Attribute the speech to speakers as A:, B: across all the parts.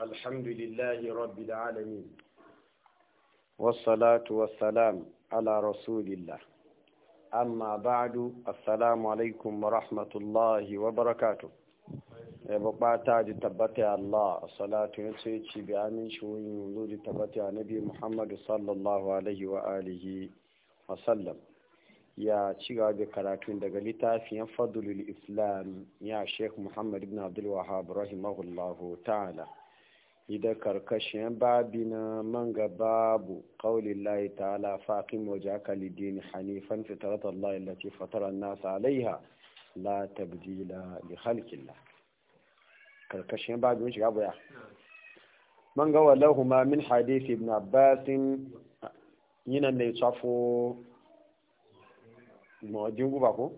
A: الحمد لله رب العالمين والصلاة والسلام على رسول الله أما بعد السلام عليكم ورحمة الله وبركاته يبقى تاج تبتي الله الصلاة ينسيتي بأمين شوي ولود تبتي نبي محمد صلى الله عليه وآله وسلم ya ci gaba da karatun daga littafin fadlul islam ya sheikh muhammad ibn abdul wahab rahimahullahu ta'ala ida karkashin babi na manga babu ƙaunin layi ta'ala faƙin waje aka lidini hanifan fitaratar layi lati fatarar nasa alaiha la tabdila li halkilla karkashin babi wani shiga buya man ga walahu min hadisi ibn abbasin yana ne tsafo ma'ajin guba ko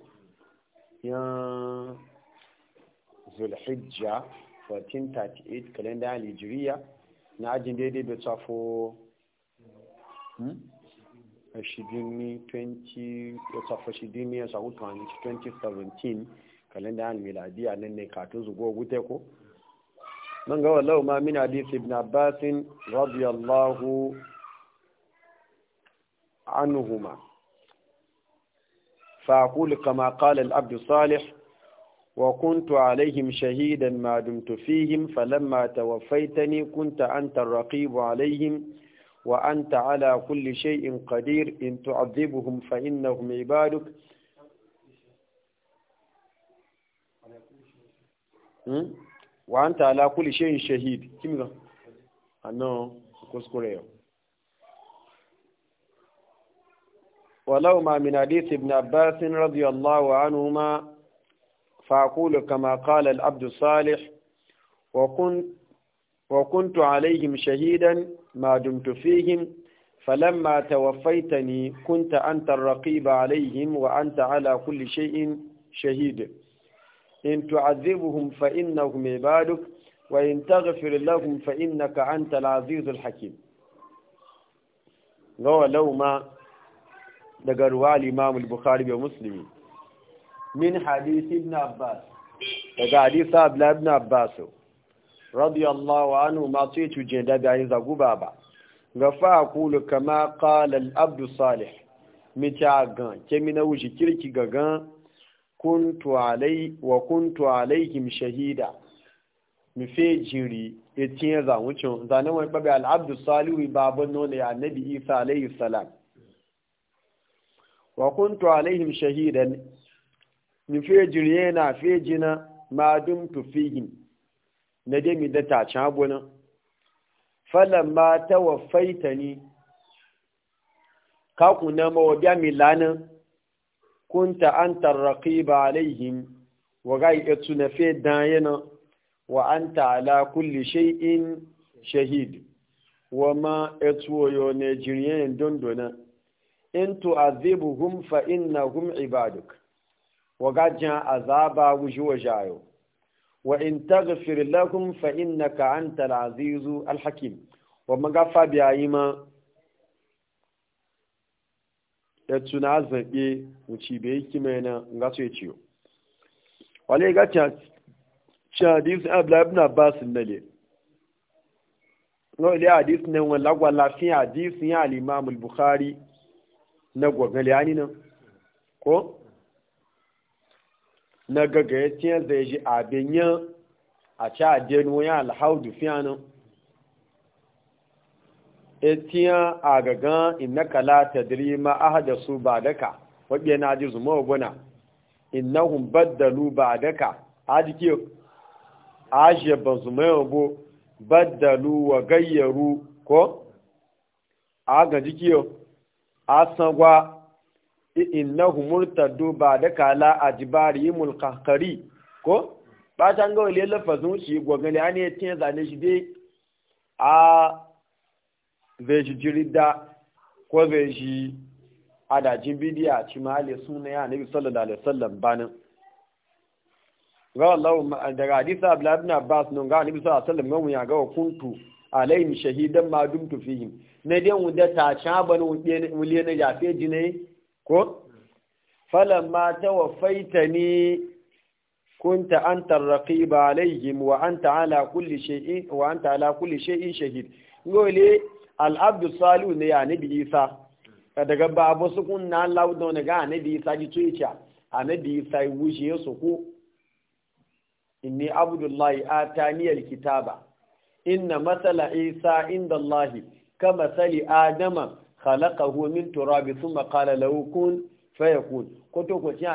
A: yan zulhijja 1438 kalendar nigeria na ajin daidai da tsafo hmm? shidini 20 ya tsafo shidini ya 2017 kalendar miladiya nan ne katon zugo gute ko nan ga wallahu ma min hadith ibn abbas radiyallahu رضي fa عنهما kama qala al abd salih وكنت عليهم شهيدا ما دمت فيهم فلما توفيتني كنت أنت الرقيب عليهم وأنت على كل شيء قدير إن تعذبهم فإنهم عبادك وأنت على كل شيء شهيد كم أنا كسكوريو ولو ما من حديث ابن عباس رضي الله عنهما فأقول كما قال العبد الصالح وكنت وكنت عليهم شهيدا ما دمت فيهم فلما توفيتني كنت أنت الرقيب عليهم وأنت على كل شيء شهيد إن تعذبهم فإنهم عبادك وإن تغفر لهم فإنك أنت العزيز الحكيم لو لو ما دقروا الإمام البخاري ومسلمين min hadisi ibn abbas daga hadisa abla ibn abbas radiyallahu anhu ma ce cuje da bayan zaguba ba ga fa kulu kama qala al abdu salih gan ke mina kirki ga kuntu alai wa kuntu shahida mi fe jiri etin za wucin zanen wani babu al abdu salih babun nona annabi isa alaihi salam wa kuntu alaihim shahidan mi fejir fejina ma dum tu na dai mi da ta cabuna falan ma ta wafaita ni kaku na mawabiya milanin kunta an tarraki ba alaihim wa ga etu na fe dayana wa an ala kulli shay'in shahid wa ma etu oyo ne jiriyen dondona in tu'adhibuhum fa innahum ibaduk wagajen azaba wuji wa jayo wa in taghfir lahum fa innaka antal azizu alhakim wa magafa biyayi ma ya tuna zabe wuci be kima na nga so yaciyo wale ga ta hadis abla ibn abbas nale no ile hadis ne wala gwala fi hadis ya al-imam al-bukhari na gwagali ani ko na gagayaciyar da ya ji abin yin a ci adiyar wuyan alhaudu fiyanin etiya a gagan innaka la diri ma ba daka wabe na ji zuma gona hun baddalu ba'daka ajike zuma bazuma yabo baddalu wa gayyaru ko a a san asangwa innahu murtaddu ba da kala ajbari mulqahqari ko ba tan ga wale lafazin shi an yi tin zane shi dai a zai shi ko zai shi adajin bidiya ci mali suna ya nabi sallallahu alaihi wasallam banin ga Allah daga hadisa Abdullah ibn Abbas nun ga nabi sallallahu alaihi wasallam ya ga kuntu alaihim shahidan ma dumtu fihim ne dai wanda ta cha banu wule ya fe jinai ko falamma tawaffaitani kunta anta ba alayhim wa anta ala kulli shay'in wa an ala kulli shay'in shahid ngole al salu ne ya nabi isa daga babu su kun na laudo ne ga nabi isa ji A nabi isa wuce su ku inni abdullahi atani al kitaba inna masala isa inda lahi kama sali adama khalaqahu min turabi thumma qala lahu kun fayakun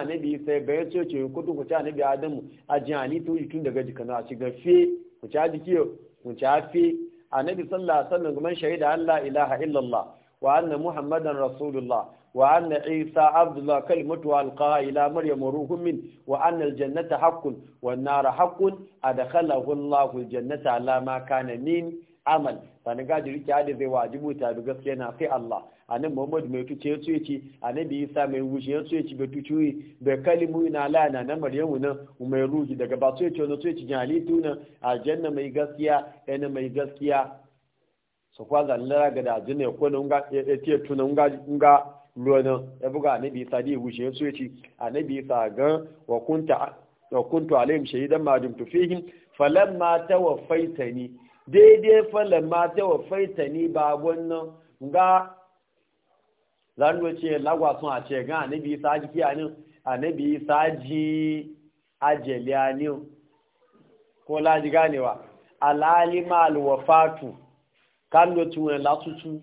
A: anabi sai bayan so ce koto anabi adamu a jani to yi tun daga jikana a ci gafe ku ci aji kiyo ku ci afi annabi sallallahu alaihi wasallam shaida an la ilaha illallah wa anna muhammadan rasulullah wa anna isa abdullah kalimatu alqaha maryam ruhun min wa anna aljannata haqqun wan hakun a adkhalahu allah aljannata amal sani gaji rike hada zai wajibu ta bi gaskiya na sai Allah anan Muhammadu mai tuce ya tuye ci annabi Isa mai wuce ya tuye ci bai tuce bai kalimu ina lana na Maryamu na mai ruhi daga ba tuye ci wani tuye ci jalitu na aljanna mai gaskiya yana mai gaskiya su kwa lara ga da ajina ya kone ya tiye tuna nga na, ya buga annabi Isa da ya wuce ya tuye ci annabi Isa ga wa kunta wa shahidan ma dumtu fihim falamma tawaffaitani daidai falon mata wa faita ni ba wannan ga zanuwa ce lagwasun a ce gan anabi isa ji kiyanin anabi isa ji ajeliyanin ko laji ganewa alalima alwafatu kano ci wọn latutu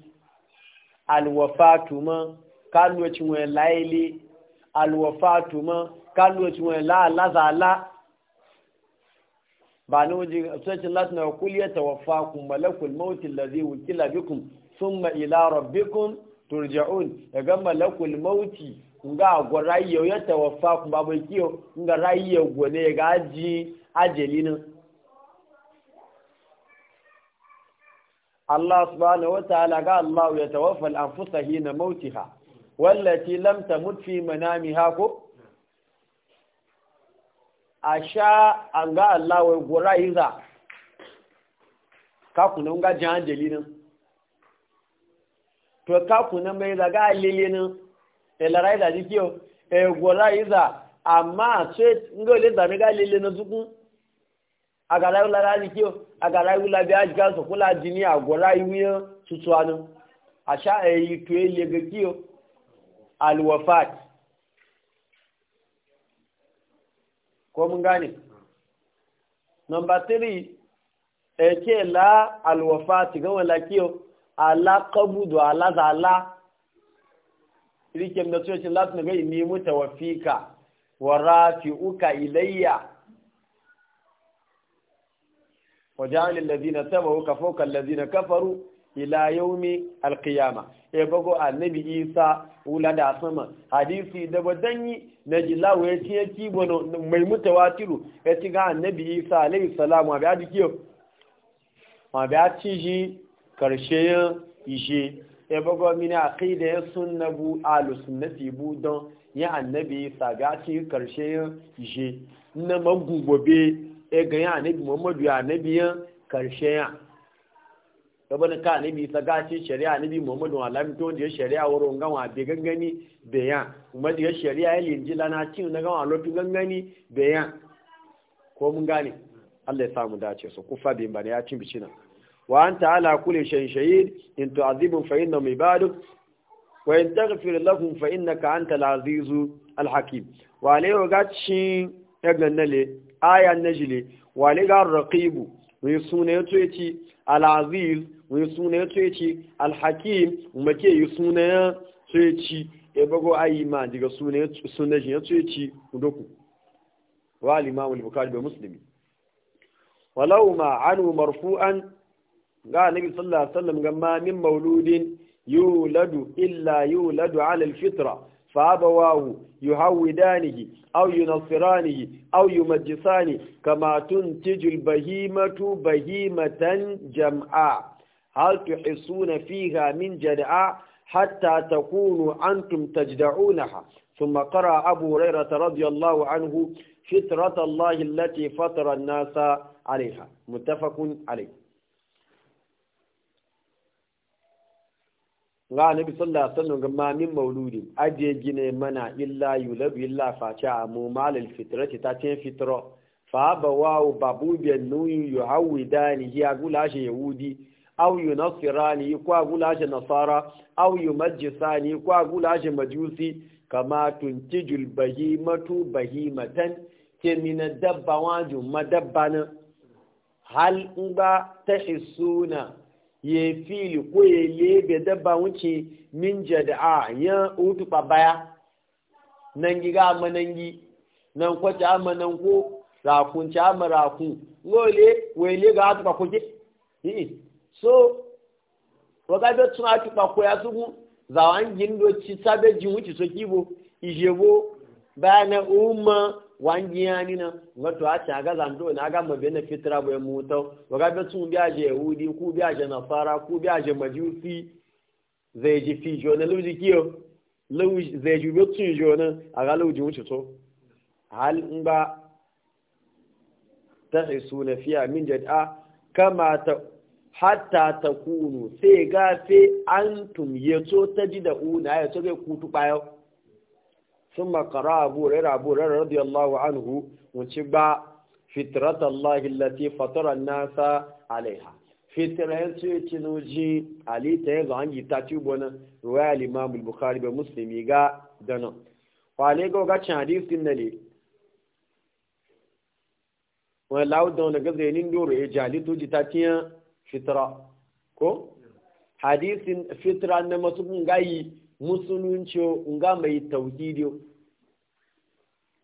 A: alwafatu ma kano ci wọn laili alwafatu ma kano ci wọn la'alazala ba na waje sashen latin na kul ya tawaffa ku malakul mautin da zai wukila bikun sun ila rabbikun turja'un daga malakul mauti nga go rayyo ya tawaffa kun babu kiyo nga rayyo go ne ga ji ajelinin Allah subhanahu wataala ga Allah ya tawaffa al-anfusa hina mautiha wallati lam tamut fi manamiha ko a sha an ga Allah wai gura yi za kakunan ga jihan jalinin to kakunan mai zaga lilinin ilarai da jikiyo e, e gura yi za amma ce ngole da ga lilinin zuku a ga rayu lara jikiyo a ga rayu labi a jiga su kula jini a gura yi wuyan tutuwanin a sha a e yi tuye legakiyo alwafat ko mun gane nomba 3 eke la alwafa tiga wala kiyo ala kabu do ala za ala rike mda tuyo ce lati na gai nemo tawafika wa rafi ilayya wa ja'ala alladhina ka fawqa alladhina kafaru ila yaumi alqiyama e bago annabi isa wula da sama hadisi da badanyi na jilawo ya ce ki bono mai mutawatiru ya e ci ga annabi isa alayhi salam wa biya dikiyo ma biya ci ji karshe ishe e bago mini aqida ya sunna bu alu sunnati bu don ya annabi isa ga ci karshe ishe na magugobe e ga ya annabi muhammadu ya annabi karshe ya gaban ka ne bi ta gashi shari'a ne bi Muhammadu Alami to je shari'a wuro ngawa be gangani be ya kuma je shari'a ya linji lana cin na gawa lotu gangani be ya ko mun gane Allah ya samu dace su kufa bin bane ya cin bicina wa anta ala kulli shay shayid in tu'adhibu fa inna mibadu wa in taghfir lahum fa innaka antal azizu al hakim wa le ga cin ya gannale aya najile wa le ga raqibu mai suna ya ce al aziz wani suna ya tsoye ci alhakim make yi suna ya tsoye ci ya e bago ayi ma daga suna shi ya tsoye ce doku wa alimamu al-bukhari musulmi. muslimi walau ma anu marfu'an ga nabi sallallahu alaihi wasallam ga min mauludin yuladu illa yuladu ala al-fitra فأبواه يهودانه أو ينصرانه أو يمجسانه كما تنتج البهيمة بهيمة jama'a. hal tuhisuna fiha min jada'a hatta takunu antum tajda'unaha thumma qara abu hurairah radiyallahu anhu fitrat allah allati fatara an-nasa 'alayha muttafaqun 'alayh ga nabi sallallahu alaihi wasallam ga min mauludin aje gine mana illa yulab illa faca mu malal fitrati ta tin fitro fa ba wa babu bi nuyu yuhawidani ya gula shi yahudi aw yunasirani ko agulaje nasara aw yumajjisani ko agulaje majusi kama tuntijul bahimatu bahimatan ke mina dabba waju na? hal ngba tahisuna ye fil ko ye lebe dabba wuce min jada'a ya utu babaya nan giga manangi nan kwace amanan ko rakun ci amarakun lole wele ga atuba kuje? so wagabe tun ati kpakpo ya sugu zawangin do ci sabe jin wuci so kibo ijebo bana umma wangiyani na wato a ci aga zando na aga mabe na fitra bai muta wagabe tun biya je yahudi ku biya je fara ku biya je majusi zai ji fi jona lauji kiyo zai ji bi tun jona aga lauji wuci so hal in ba ta isu na fiya min jad'a kama ta hatta ta kunu sai gafe an tumye so ta ji da una ya so zai kutu bayo sun makara abu rera abu rera radiyallahu anhu wuce ba fitrat Allah lati fatara nasa alaiha fitrat su yake noji alita yanzu an hangi ta tubo na ruwaya limamu bukhari bai musulmi ga dana kwale ga gacin hadisin na ne wani la'udan wani gazayenin doro ya jali to ji ta tiyan fitra ko hadisin fitra na masu ngayi musulunci nga mai tauhidiyo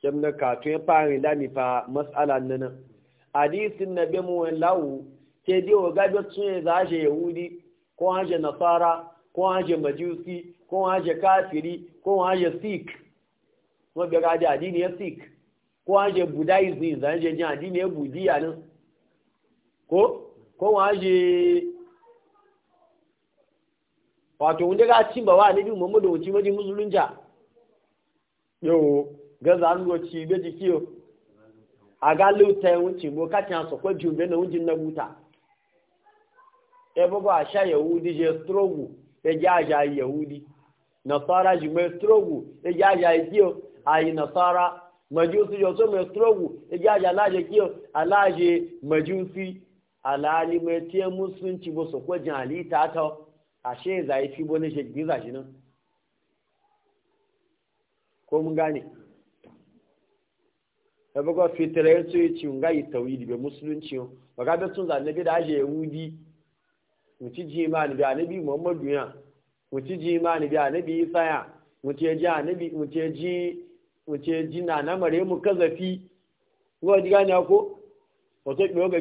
A: kemna ka tun ya fara da mi fa mas'ala nan hadisin nabi mu lawo ke di o ga da tun za je yahudi ko je nasara ko je majusi ko je kafiri ko je sikh ko bi ga da addini ya sikh ko je budaism za je jin adini ya budiya nan ko ko wa je wato wanda ga cin ba wa nabi muhammadu wuce maji musulunja yau ga zanuwa ci ga jikiyo a ga lauta ya wuce bo ka can sokwa jumbe na wujin na buta ebe ba sha yahudi je strogu ya e jaja yahudi ayi alali mai tiye musulunci ba su kwajin halitta ta ashe zai fi wani shekbiza shi nan ko mun gane ya buga yi ci nga yi tawili bai musulunci yau ba ga bai sun zanabi da aje yahudi mutu ji ni bi anabi muhammadu ya mutu ji ni bi anabi isa ya mutu ya ji anabi mutu ya ji mutu ya ji na namare mu kazafi ko ji gane ko wato ɓewa ga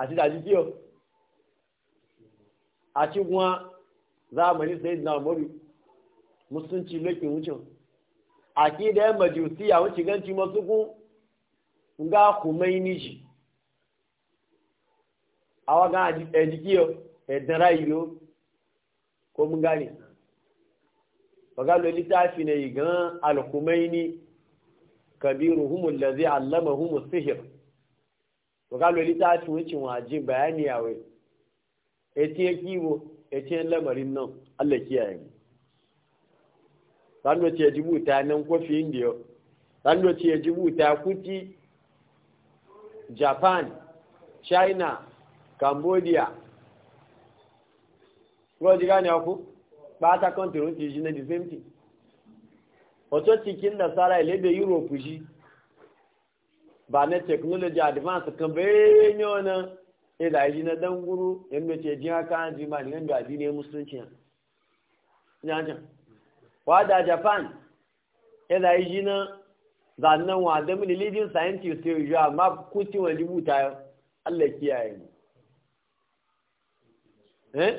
A: àti dàjú àti wọn zamani sẹ́yìn náà mọ́rí musulunci lókin wucin àti da yan majusi a wucin ganci masu kun ga kumai niji a wagan ajiki o ẹ̀dẹ̀ra ìlú kó mú gani ọ̀gá ló littafi na ìgan alkumai ni kabiru humu allama humu sihir wakalo littafin wucin waje bayani yawe ya ce ya kiwo ya ce e lamarin nan allah kiyaye mu sanu ce jibuta nan kofi indiya sanu ce jibuta kuti japan china cambodia wọ́n jí gánà ọkú pátá kọ́ntìrún ti jí ní the same thing ọ̀tọ́ ti kí ń nasara ilébẹ̀ europe yìí ba na technology advance kan bayan yana da yi na dan guru yadda ce jin haka ji ma yadda ne musulunci ya wa da japan ila yi ji na zannan wa da mini leading scientist ya yi amma kucin wani buta allah kiyaye mu eh?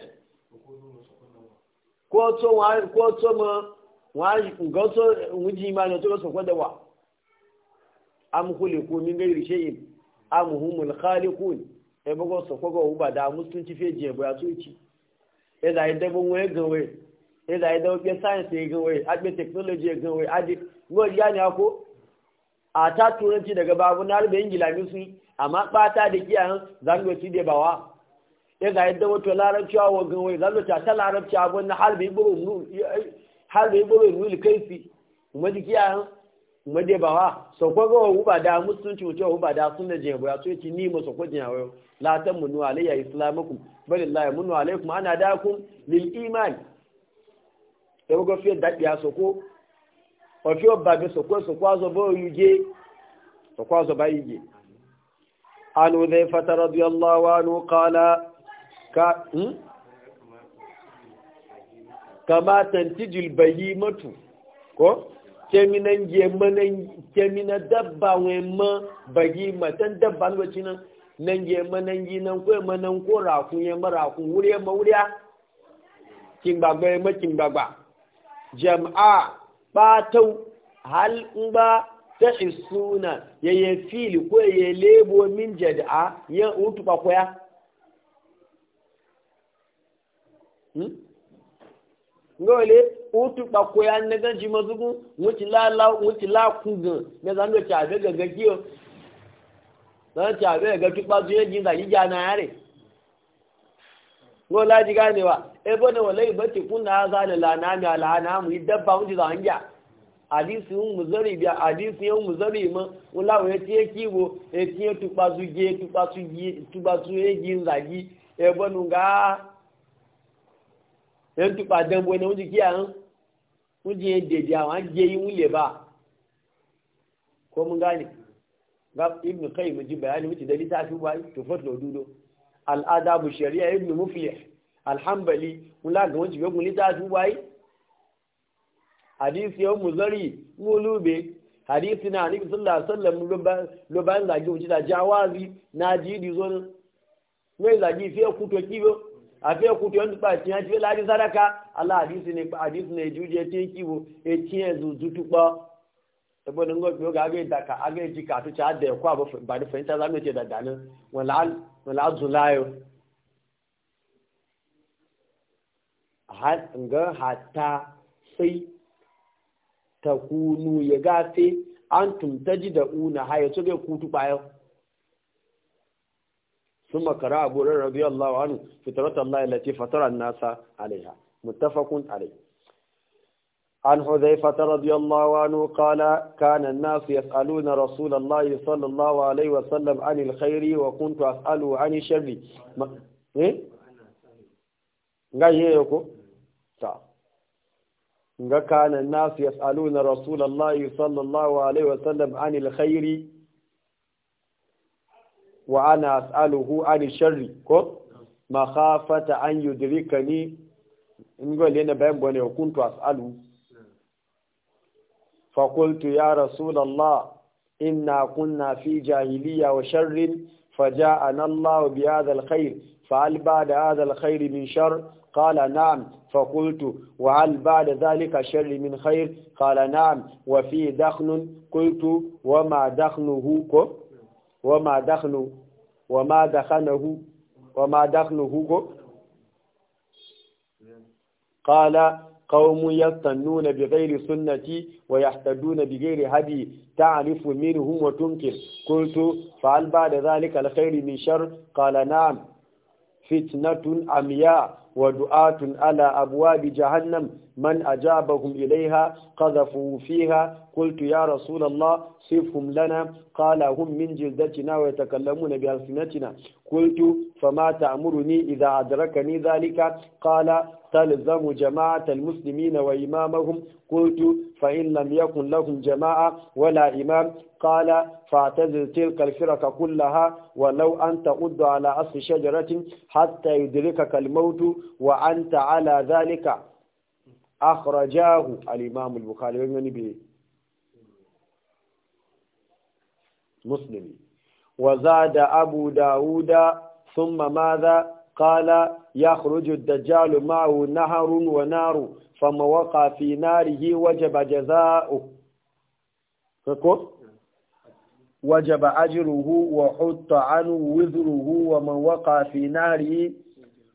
A: ko to ma wọ́n á gọ́tọ̀ wùjí ma ní ọjọ́ sọ̀kọ́dọ̀wà am khuliqu min ghairi shay'in am humul khaliqun e bogo so ko go ba da musulunci fe je bo ya tuci e da ide bo nwe gawe e da ide oge science e a agbe technology e gawe adi go ya ni ako a ta turanci daga babu na rubuta ingila su amma bata da kiyayen zangoci da bawa ya ga yadda wato larabci a wagan wai zangoci ta larabci abun na harbi buru nul harbi buru nul Mu kuma ji kiyayen mọ́dé a sọ̀kọ́gọ́ òwúbàdá mùsùlùmí tí òwúbàdá súnlẹ̀ jẹ́ ìbòyà tó ti ní ìmọ̀ sọ̀kọ́ jìyàn wẹ́rọ látẹ́ múnú àléyà ìsìlámùkù bẹ́ẹ̀ láyà múnú àlékùn ánàdákùn lil iman ẹgbẹ́gọ́ fi dàbí àsọ̀kọ́ ọ̀fí ọ̀bàbí sọ̀kọ́ sọ̀kọ́ azọ̀bọ̀ oyúgé sọ̀kọ́ azọ̀bá yìí عن حذيفة رضي الله عنه قال ك... كما تنتج البهيمة keminan gemanan kemina dabba we ma bagi matan dabba lokacin nan nan gemanan ginan ko manan ko ma ya ku wuri ma a kin gbagba ya ma kin gbagba jama'a batau hal in ba ta isuna ya yi fili ko ya lebo min jada'a ya utu koya? Hmm? ngole utu ya ne ganji mazugu wuti la la wuti la kuga ne zan do ta zan ta daga ga tukpa zuye jin da na ji gane wa e bone wallahi bati kunna zala la na mi ala na mu dabba mu da hanja hadisi un muzari bi hadisi un muzari mu wala we ti kibo e ti ji e ga yẹn tó pa dẹ́nbó ẹni wọ́n ti kí àrùn wọ́n ti yẹn dèdè àwọn àjẹ yìí wọ́n lè bá kó mú bẹ̀rẹ̀ ni wọ́n ti dẹ́lí sáfì wáyé tó fọ́tò lọ́dúndó al'adabu shari'a ibùdó mufilẹ̀ alhambali wọn lágàn wọ́n ti gbẹ́gun lé sáfì wáyé hadisi yawon muzari ngolube hadisi na anibi sallallahu alaihi wasallam ló bá ń zagi wuce da jawazi na jidi zo ne àfi ó ń nípa ìtìyàn tí ó láti sádàkà aláàdísì ní àdísì ní ìjú jẹ tí ó kíwò etí ẹ̀zùn dúdú ẹgbọ́n ní gbogbo ìgbìyànjú agbẹ́ ìdàkà agbẹ́ ìjìká tó ti àdẹ̀ ẹ̀kọ́ àbọ̀ dàdà ní wọn láàzùn ǹgá hàtà sai ya an tumtaji da una haya tó gẹ̀ kútu ثم قرأ أبو هريرة رضي الله عنه فطرة الله التي فطر الناس عليها متفق عليه عن حذيفة رضي الله عنه قال كان الناس يسألون رسول الله صلى الله عليه وسلم عن الخير وكنت أسأله عن الشر إيه؟ طيب. كان الناس يسألون رسول الله صلى الله عليه وسلم عن الخير وأنا أسأله عن الشر مخافة أن يدركني نقول لنا بين بني وكنت أسأله فقلت يا رسول الله إنا كنا في جاهلية وشر فجاءنا الله بهذا الخير فهل بعد هذا الخير من شر قال نعم فقلت وهل بعد ذلك شر من خير قال نعم وفي دخن قلت وما دخنه كفر wama dakhlu wama dakhanahu wama dakhluhu ko qala qaumun yastannuna bighairi sunnati wa yahtaduna bighairi hadi ta'rifu minhum wa tunkir qultu al ba'da dhalika alkhairu min shar qala na'am fitnatun amya ودعاة على أبواب جهنم من أجابهم إليها قذفوا فيها قلت يا رسول الله صفهم لنا قال هم من جلدتنا ويتكلمون بألسنتنا قلت فما تأمرني إذا أدركني ذلك قال تلزم جماعة المسلمين وإمامهم قلت فإن لم يكن لهم جماعة ولا إمام قال فاعتزل تلك الفرق كلها ولو أن تؤد على أصل شجرة حتى يدركك الموت wa ala zalika akhrajahu al-imam al-bukhari wani bi muslimi wa zada abu dauda thumma madha قال يخرج الدجال معه نهر ونار فما وقع في ناره وجب جزاؤه فكو wa أجره وحط عنه وذره ومن وقع في ناره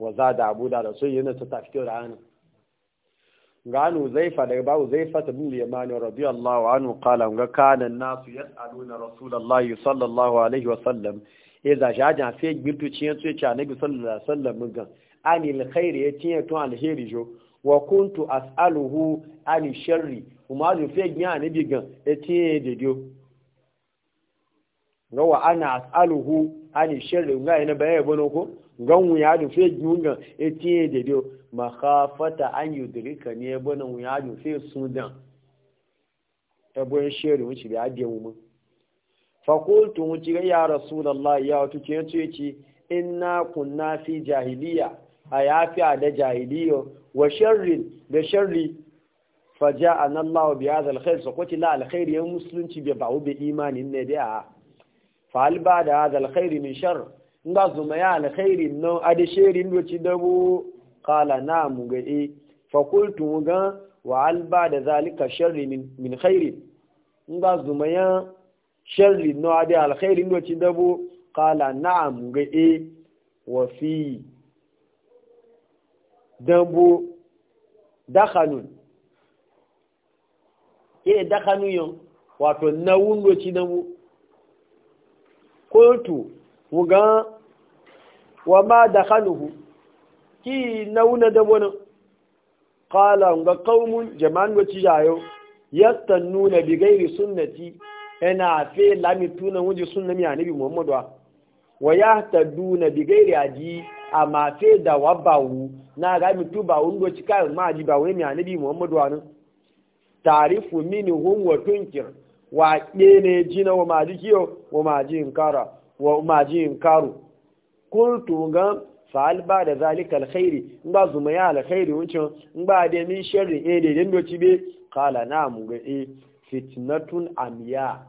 A: waza da abu da da sun yi na ta fito da hannu ganu zaifa daga babu zaifa ta bin limani radiyallahu anhu qala ga kana nasu 'yan yas'aluna rasulullahi sallallahu alaihi wa sallam idza jaja fi gbiltuci yan tsaye cha nabi sallallahu alaihi wa sallam gan. anil khair ya tiye tun alheri jo wa kuntu as'aluhu anil sharri kuma lu fi gnya nabi gan. ya tiye de dio ga wa ana as'aluhu anil sharri ga ina baye bono ko gan wuya da fe gungan etiye da dio makhafata an yudrika ne bana wuya da fe sudan ebo en sheri wuci bi adiye mu mu fakultu wuci ga ya rasulullah ya wato ke ce ce inna kunna fi jahiliya a yafi da jahiliyo wa sharrin da sharri faja'an Allah bi hadha alkhair so kuti la alkhair ya musulunci bi ba'u bi imanin ne da fa hal ba da hadha alkhair min sharr nga zuma ya alkhairin nan ade sherin ci dabu kala na mu ga e qultu ga wa al da zalika sharri min khairin nga zuma ya sharri no ade alkhairin ci dabu kala na mu ga e wa fi dabo dakhanun e dakhanu yo wato nawun ci dabu kultu wugan wa ma da haluhu ki nauna da wani kala ga kaumun jama'an wacce yayo yasta nuna bigairi sunnati yana fe lamitu na wuji sunna miya anabi muhammadu wa ya ta duna bigairi aji a mafe da wabawu na ga mitu ba wundo cika ma ji ba wani miya anabi muhammadu wa nan tarifu minhum wa tunkir wa ne jina wa ma ji kiyo wa ma ji inkara wa maji inkaru kultu ga fa'al ba da zalika alkhairi in ba zuma ya alkhairi wucin in ba da min sharri eh da dan doci be qala na mu ga eh fitnatun amiya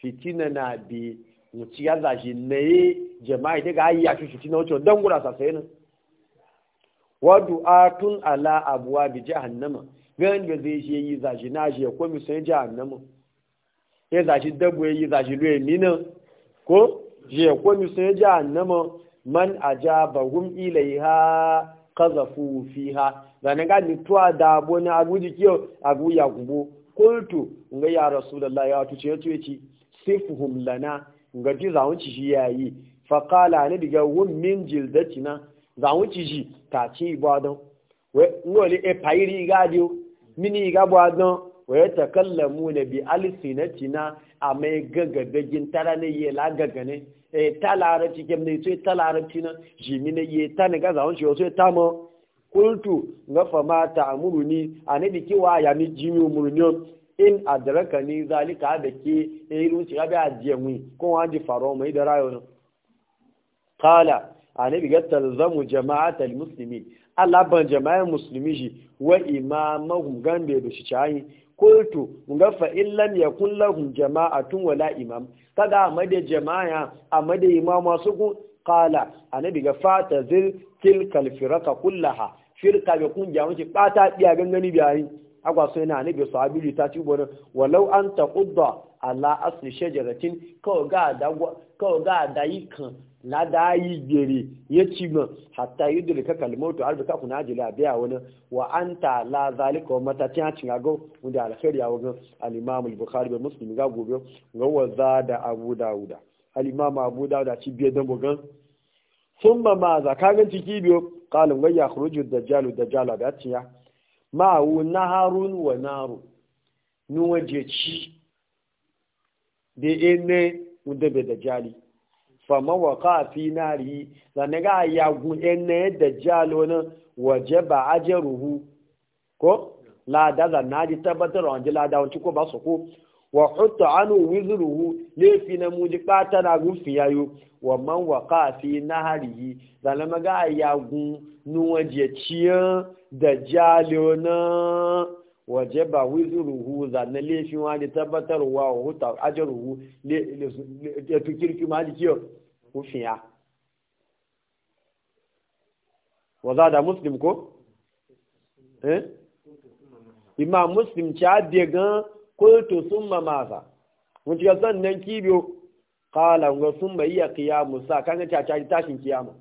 A: fitina na bi muci ya zaji ne jama'i daga ayya shi fitina wucin dan gura sa sai nan wa du'atun ala abwa bi jahannama gan da zai shi yi zaji na shi ko mi sai jahannama ya zaji dabo yi zaji lo emi nan ko je ko mi sun ji annama man ajabahum ilaiha qazafu fiha dan ga ni tuwa da bona aguji kiyo agu ya gubo kultu nga ya rasulullah ya tuce tuce ci sifuhum lana nga ji zawun ci shi yayi fa qala ni diga wum min jildatina zawun ci shi ta ci ibadan we ngoli e pairi gadio mini ga bwadan ta kallamu na bi alsinatina a mai gagagagin tara ne yela gagane Eh, ta larabci kem ne sai ta larabci na shi mi ne ta ne ga zawon sai ta mo kultu ga fa ma a amuruni anabi kiwa ya ni jimi umuruni in adraka ni zalika da ke irin e shi ga ba jemi ko wa ji faro mai da rayo qala anabi ga talzamu jama'atal muslimin Allah ban musulmi shi wa imamahum gambe da shi cayi kultu nga fa illam yakun lahum jama'atun wala imam kada amade jama'a amade imama suku qala anabi ga fata zil tilkal firqa kullaha firka be kun jawo ci bata biya gangani biyayi agwa so yana anabi sahabi ta ci bodo walau an taqudda ala asli shajaratin kawai ga da yi kan na da yi gere ya ci ma hatta yi da ka kalmoto har ka kuna jila biya wani wa an ta la zali zalika wa a hacin ago wanda alkhairi a wajen al-imamul bukhari bai musulmi ga gobe ga waza da abu dawuda al-imam abu dawuda ci biyar dan bugan sun ma ma za ka gan ciki biyo kalin gayya ya dajjalu dajjalu da ciya ma'u naharun wa naru nuwa je ci da ene udebe da jali fama wa kafi nari zane ga ya gun ene da jalo na waje ba aje ruhu ko lada zanna ji tabbatar wa ji lada wanci ko ba su ko wa hutu anu wizruhu fi na muji kata na gufi yayo wa man wa kafi nari zane ma ga ya gun nuwa je ciyan da jalo na waje ba wizuruhu zanen laifin wani tabbatarwa wa huta ajaruhu ya fi kirki ma malikiyar kufiya wa za da muslim ko? eh? imam muslim ci adde gan kultu sun mamasa wunci ga sannan kibiyo Kala ga sun ma iya kiyamu sa kan ga caca tashin kiyama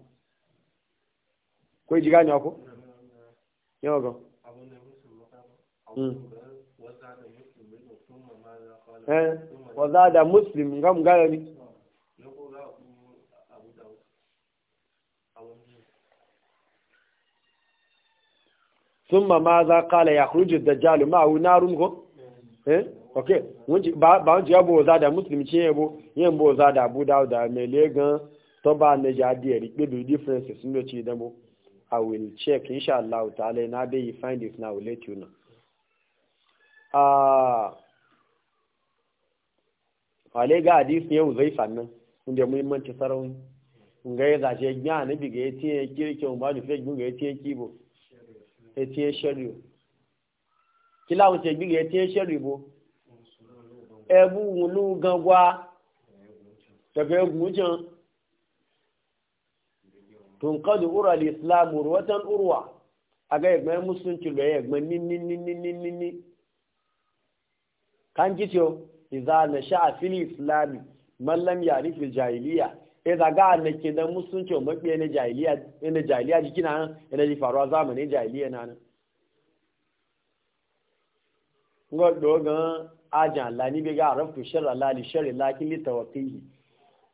A: ko ji gani ko? yawa gan Hmm. Eh, wa za da muslim gam gayani summa ma kala ya dajjalu na eh ok ba da muslim ce yabo yin bo abu da to ba na differences da i will check inshallah ta'ala a kwale ga hadisi yau zai fannin inda muhimmanci sarauni nga ya zaje gya ne bi ya yati ya kirke mu ba dufe gun ga yati ya kibo yati ya kila wuce bi ya yati ya shariyo ebu wulu gangwa daga egun jan tunkadu ura al-islam urwatan urwa aga musulunci lo ni ni ni ni ni ni kan ki gicho iza na sha'a fili islami mallam ya rufe jahiliya e zaga na ke dan musulunci o mabiya na jahiliya na jahiliya jiki na nan yana ji faruwa zamanin jahiliya na nan ngo dogan ajan la ni be ga rafu sharra la li sharri lakin li tawqihi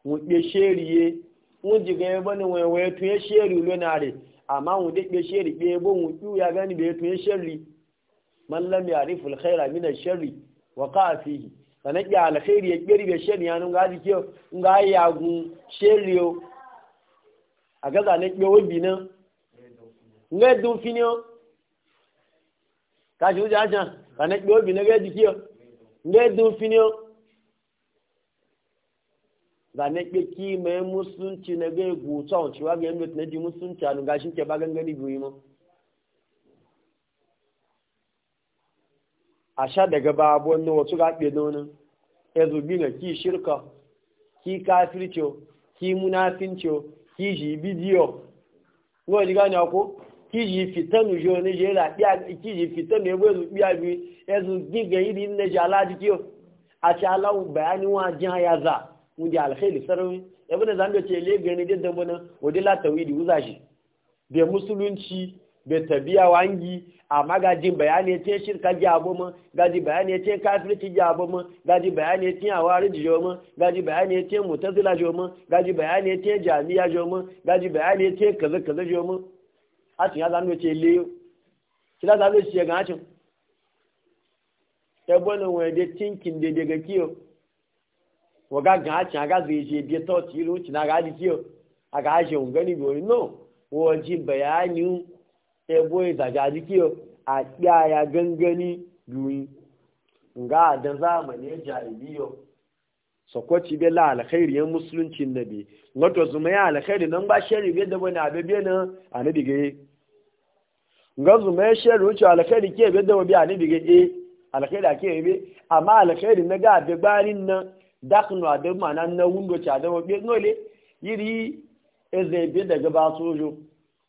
A: mu be sheriye mu ji ga bani wewe to ya sheri lo na re amma mu de be sheri be bo mu ya gani be to ya sharri mallam ya rufe alkhaira min sharri Waka ka fihi sanan ya alkhairi ya gari be shani ya nunga ji kiyo nga ya gu sheliyo aga za ne kiyo wobi nan nga dun finio ka wuce ja ja sanan kiyo wobi na ga ji kiyo nga dun finio za ne kiyo ki mai musunci na ga gu tsawon ciwa ga yanda na ji musunci anu gashin ke ba gangani biyu mu a sha daga babu wani wasu gaɓe nonin ya zubi na ki shirka ki kafircio ki munafincio ki ji bidiyo wọ́n ji gani ako ki ji fitanu jo ni je la bi ki ji fitanu ebo ezu bi abi ezu giga yidi ne je alaji ki o ati alawu bayani wa jan ya za mun di alkhairi sarwi ebo ne zambe ce le gani de dan bona o de la tawidi uzaji be musulunci bai tabiya wangi amma gaji bayani ya ce shirka gyabo mu gaji bayani ya ce kafirci gyabo mu gaji bayani ya ce awari jiyo mu gaji bayani ya ce mutazila jiyo mu gaji bayani ya ce jami'a jiyo mu gaji bayani ya ce kaza kaza jiyo mu a cikin zanu ce leyo kila zanu ce ga cin ta bonin wani da tinkin da daga kiyo wa ga ga cin ga zai je bi to tiro cin ga di kiyo a ga je ungani gori no wo ji bayani ebo izaja jiki a tsaya gangani yuyi ga da zamani zamanin jahiliyo sokwaci bai la alkhairi yan musuluncin nabi wato zuma ya alkhairi nan ba shari bai da wani abu bai nan a nabi gaye ga zuma ya shari wuce alkhairi ke bai da wani a nabi gaye alkhairi a ke bai amma alkhairi na ga abu barin nan dakinu a duk mana na wundo ci a dama bai nole yiri ezai bai daga ba sojo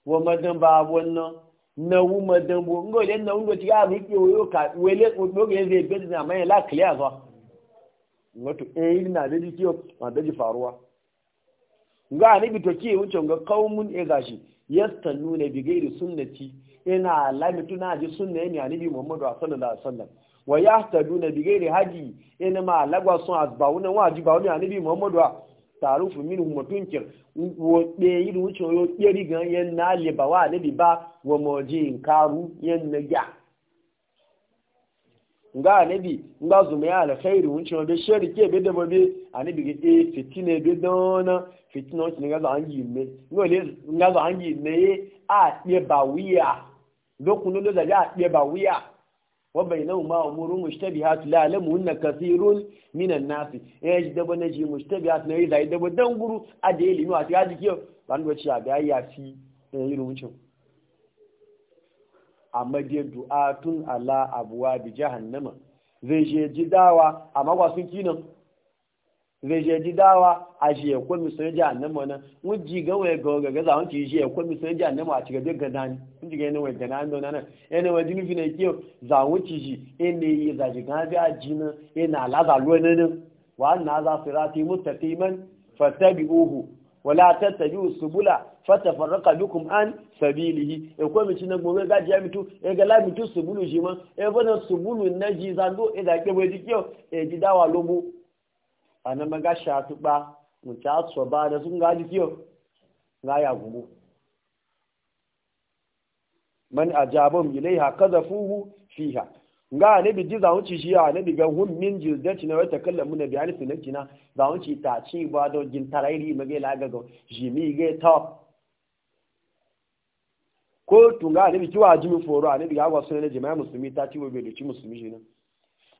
A: wa madan ba wannan na wuma dambo ngo ile na ngo ti ga ki ka wele o no ge ze be na mai la clear zo ngo to e ni na de ki o ma de faruwa nga ni bi to ki e wuce ga qaumun e gashi yastanuna bi gairi sunnati ina alami tuna ji sunna ne ani bi muhammadu sallallahu alaihi wasallam wa yahtaduna bi gairi ina e ma lagwa sun ani bi muhammadu tarufu minhu mutunkir wo de yidu wucho yo yeri gan yen na le wa ba wo moji inkaru yen na ya nga nabi nga zuma ya alkhairi wucho be shari ke be dabo be anabi ge e fitine be dona fitino tin ga zan yi me ngo le nga yi me a ye ba wiya dokun lo da ya ye ba wabai nan ma umuru mushtabi hatu lalamu wunna kasirun minan nasi ya eh, yi daba na ji mushtabi hatu na yi zai daba don guru a da yi a ta jiki ba ni wace ga ya fi na eh, yi rumucin a madiya du'atun ala abuwa bi jahannama zai je ji dawa a magwasun kinan veje di dawa a shi ya kwami sun ji annan wani wujji ga wai ga ga gaza wanki shi ya kwami sun ji annan a cika duk gana ni kun ji ga yana wai gana an dona nan yana wai jini fi na kiyo za wuci shi ene yi za ji gana bi a jini yana laza ruwa nan wa na za su rati mustaqiman fattabi'uhu wala tattabi'u subula fatafarraqa bikum an sabilihi e ko mi cinan gobe ga jiya mitu e ga la mitu subulu shi ma e bana subulu naji zando e da ke bai dikiyo e ji dawa lobo a na maga shatuɓa mace asuwa ba da sun gaji kiyo na ya gumu man ajabum ilaiha fuhu fiha nga bi ji zawunci shi bi ga hun min jizdati na wata kallamu na kina sinatina zawunci ta ci ba da jin tarairi mage laga ga jimi ga ta ko tunga anabi kiwa jimi foro bi ga wasu ne jama'a musulmi ta ci wa bai da ci musulmi shi ne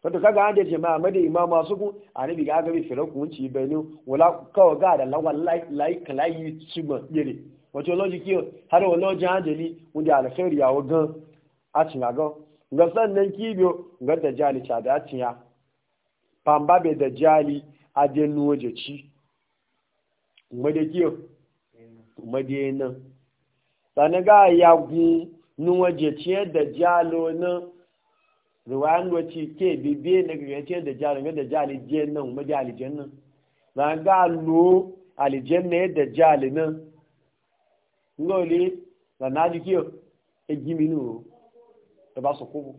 A: wato kaga an je ma amadi imama su ku anabi ga gabi fira ku unci benu wala kawa ga da la wallahi like like su ma yere. wato loji kiyo har wala ji anjeli wanda alkhairi yawo gan a cin ago ga sannan kibiyo ga dajali cha da cin ya pamba be dajali a je nuwaje ci umade kiyo umade nan sanan ga ya gun nuwaje ci da jalo nan ruwan wace ke bibiye na gaggace da jari da jali jiyan nan kuma jali jiyan nan na ga lo alijiyan na yadda jali nan ngole na na ji kiyo e gimi nu da e ba su kubu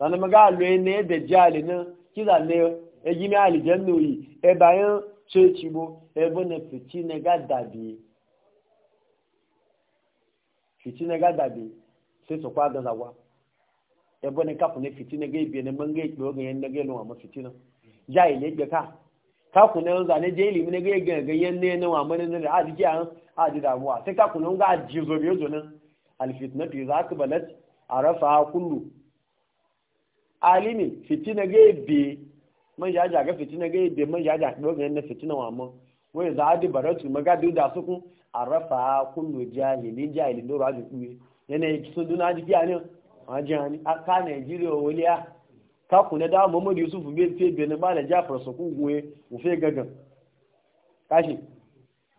A: na na ga lo na yadda jali nan kiza ne e gimi alijiyan nu yi e bayan ceci bo e bane fiti na ga dabi fiti na ga dabi sai su kwa da zawa ya bane kafu ne fitina gai biya ne man gai kiyo ganyen na gai a ma fitina jayi ne ga ka ka na ne na je ilimi ne gai ga ganyen ne na wa man ne da adiki an adi damuwa sai ka ku ne ga jizo biyo zo nan al fitnatu za ka balat arafa kullu alimi fitina gai bi man ya ja ga fitina gai bi man ya ja kiyo ganyen na fitina wa ma wai za adi baratu magadu da suku arafa kullu jahili jahili do raju kuye yana sun duna adiki ne. ajiyani a nigeria waliya ka kuna da muhammadu yusuf bai fiye bai na ba da jafar su kuguwe ufe gagan kashi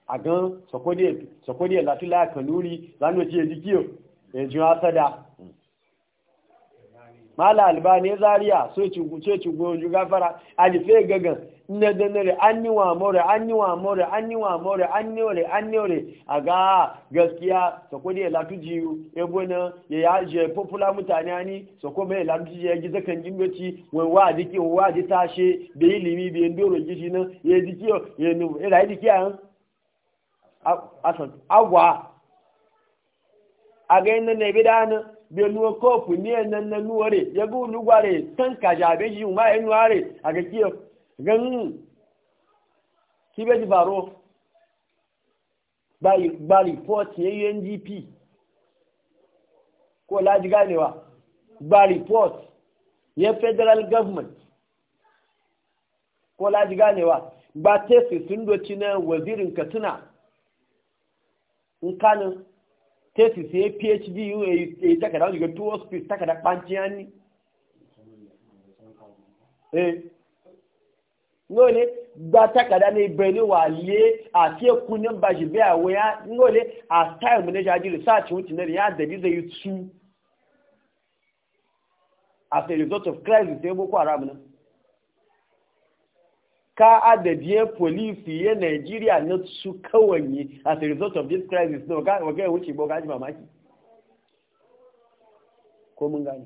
A: a gan sakodiyar latila kanuri zanuwa ce jikiyo ya e ji hasada mala albani zaria so ci e guce ci goyon ju gafara a jife gagan na danare an yi wa more an yi wa more an yi more an yi a ga gaskiya so ko dai latu jiyu e bona ya ya je popula mutane ani so ko mai latu jiyu ya gi zakan jimbaci wai wa dike wa di tashe da ilimi bi ndoro gishi nan ya dike ya nu e rai dike an asan awa a ga inda ne bidana benuwa kofu ne nan na nuware ya gu lugware kaja kajabe ji ma ya nuware a ga kiyo gan kibe baro ba gba report ye UNDP ko laji ganewa ba report ye federal government ko laji ganewa ba tesi sun doci na wazirin katsina nkanin tesi sai phd yi takada wajen ga two hospice takada kpanci yanni eh ngole gba takada ne bele wa le a tie kunyan ba ji be awe ya ngole a time ne ja ji research wuti ne ya de bize yutsu as a result of crisis e boko haram na ka adadie police ye Nigeria na su kawanyi as a result of this crisis no ga ga wuci bo ga ji mamaki ko mun gani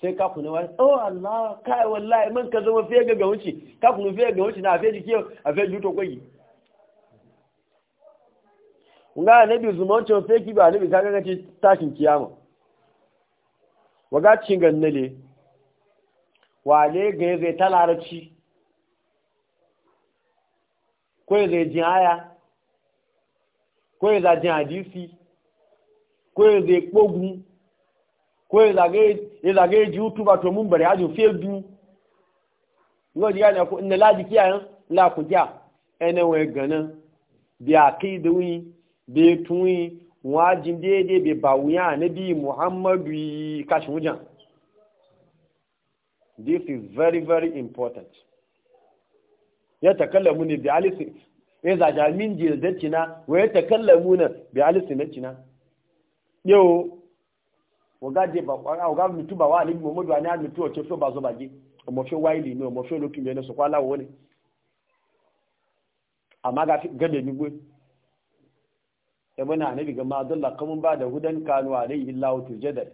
A: sai ka kuna wani oh Allah kai wallahi man ka zama fiye ga wuce ka kuna fiye ga wuce na fiye jike a fiye juto kwagi nga zuma wancan fiye ki ba ne bi kaga ce tashin kiyama waga cin Wa wale ga zai ta larabci ko zai jin aya ko zai jin hadisi ko zai kogun ko ya zagaye ji hutu ba to mun bari hajji fiye du ko ji gane ko inda laji kiyayen la ku ja ene we ganan bi aqida wi bi tuwi wajin dede bi bawuya nabi muhammadu kashin wujan this is very very important ya takallamu ne bi alisi ya zaja min jildatina wa ya takallamu na bi alisi na cina yau wọ́gáde ọ̀gá mìtúbà wà níbi mọ̀mọ́dù wa ní àmìtú ọ̀tí fún bá zọba jí ọmọfẹ́ wáìlì ní ọmọfẹ́ olókìnbẹ̀ ẹni sọ̀kọ́ aláwọ̀ ní àmága gẹ́gẹ́ gbígbé ẹgbẹ́ ne bi gama dọ́là kan bá da húdán kanu àlẹ́ yìí láwọ̀ tó jẹ́ dẹ̀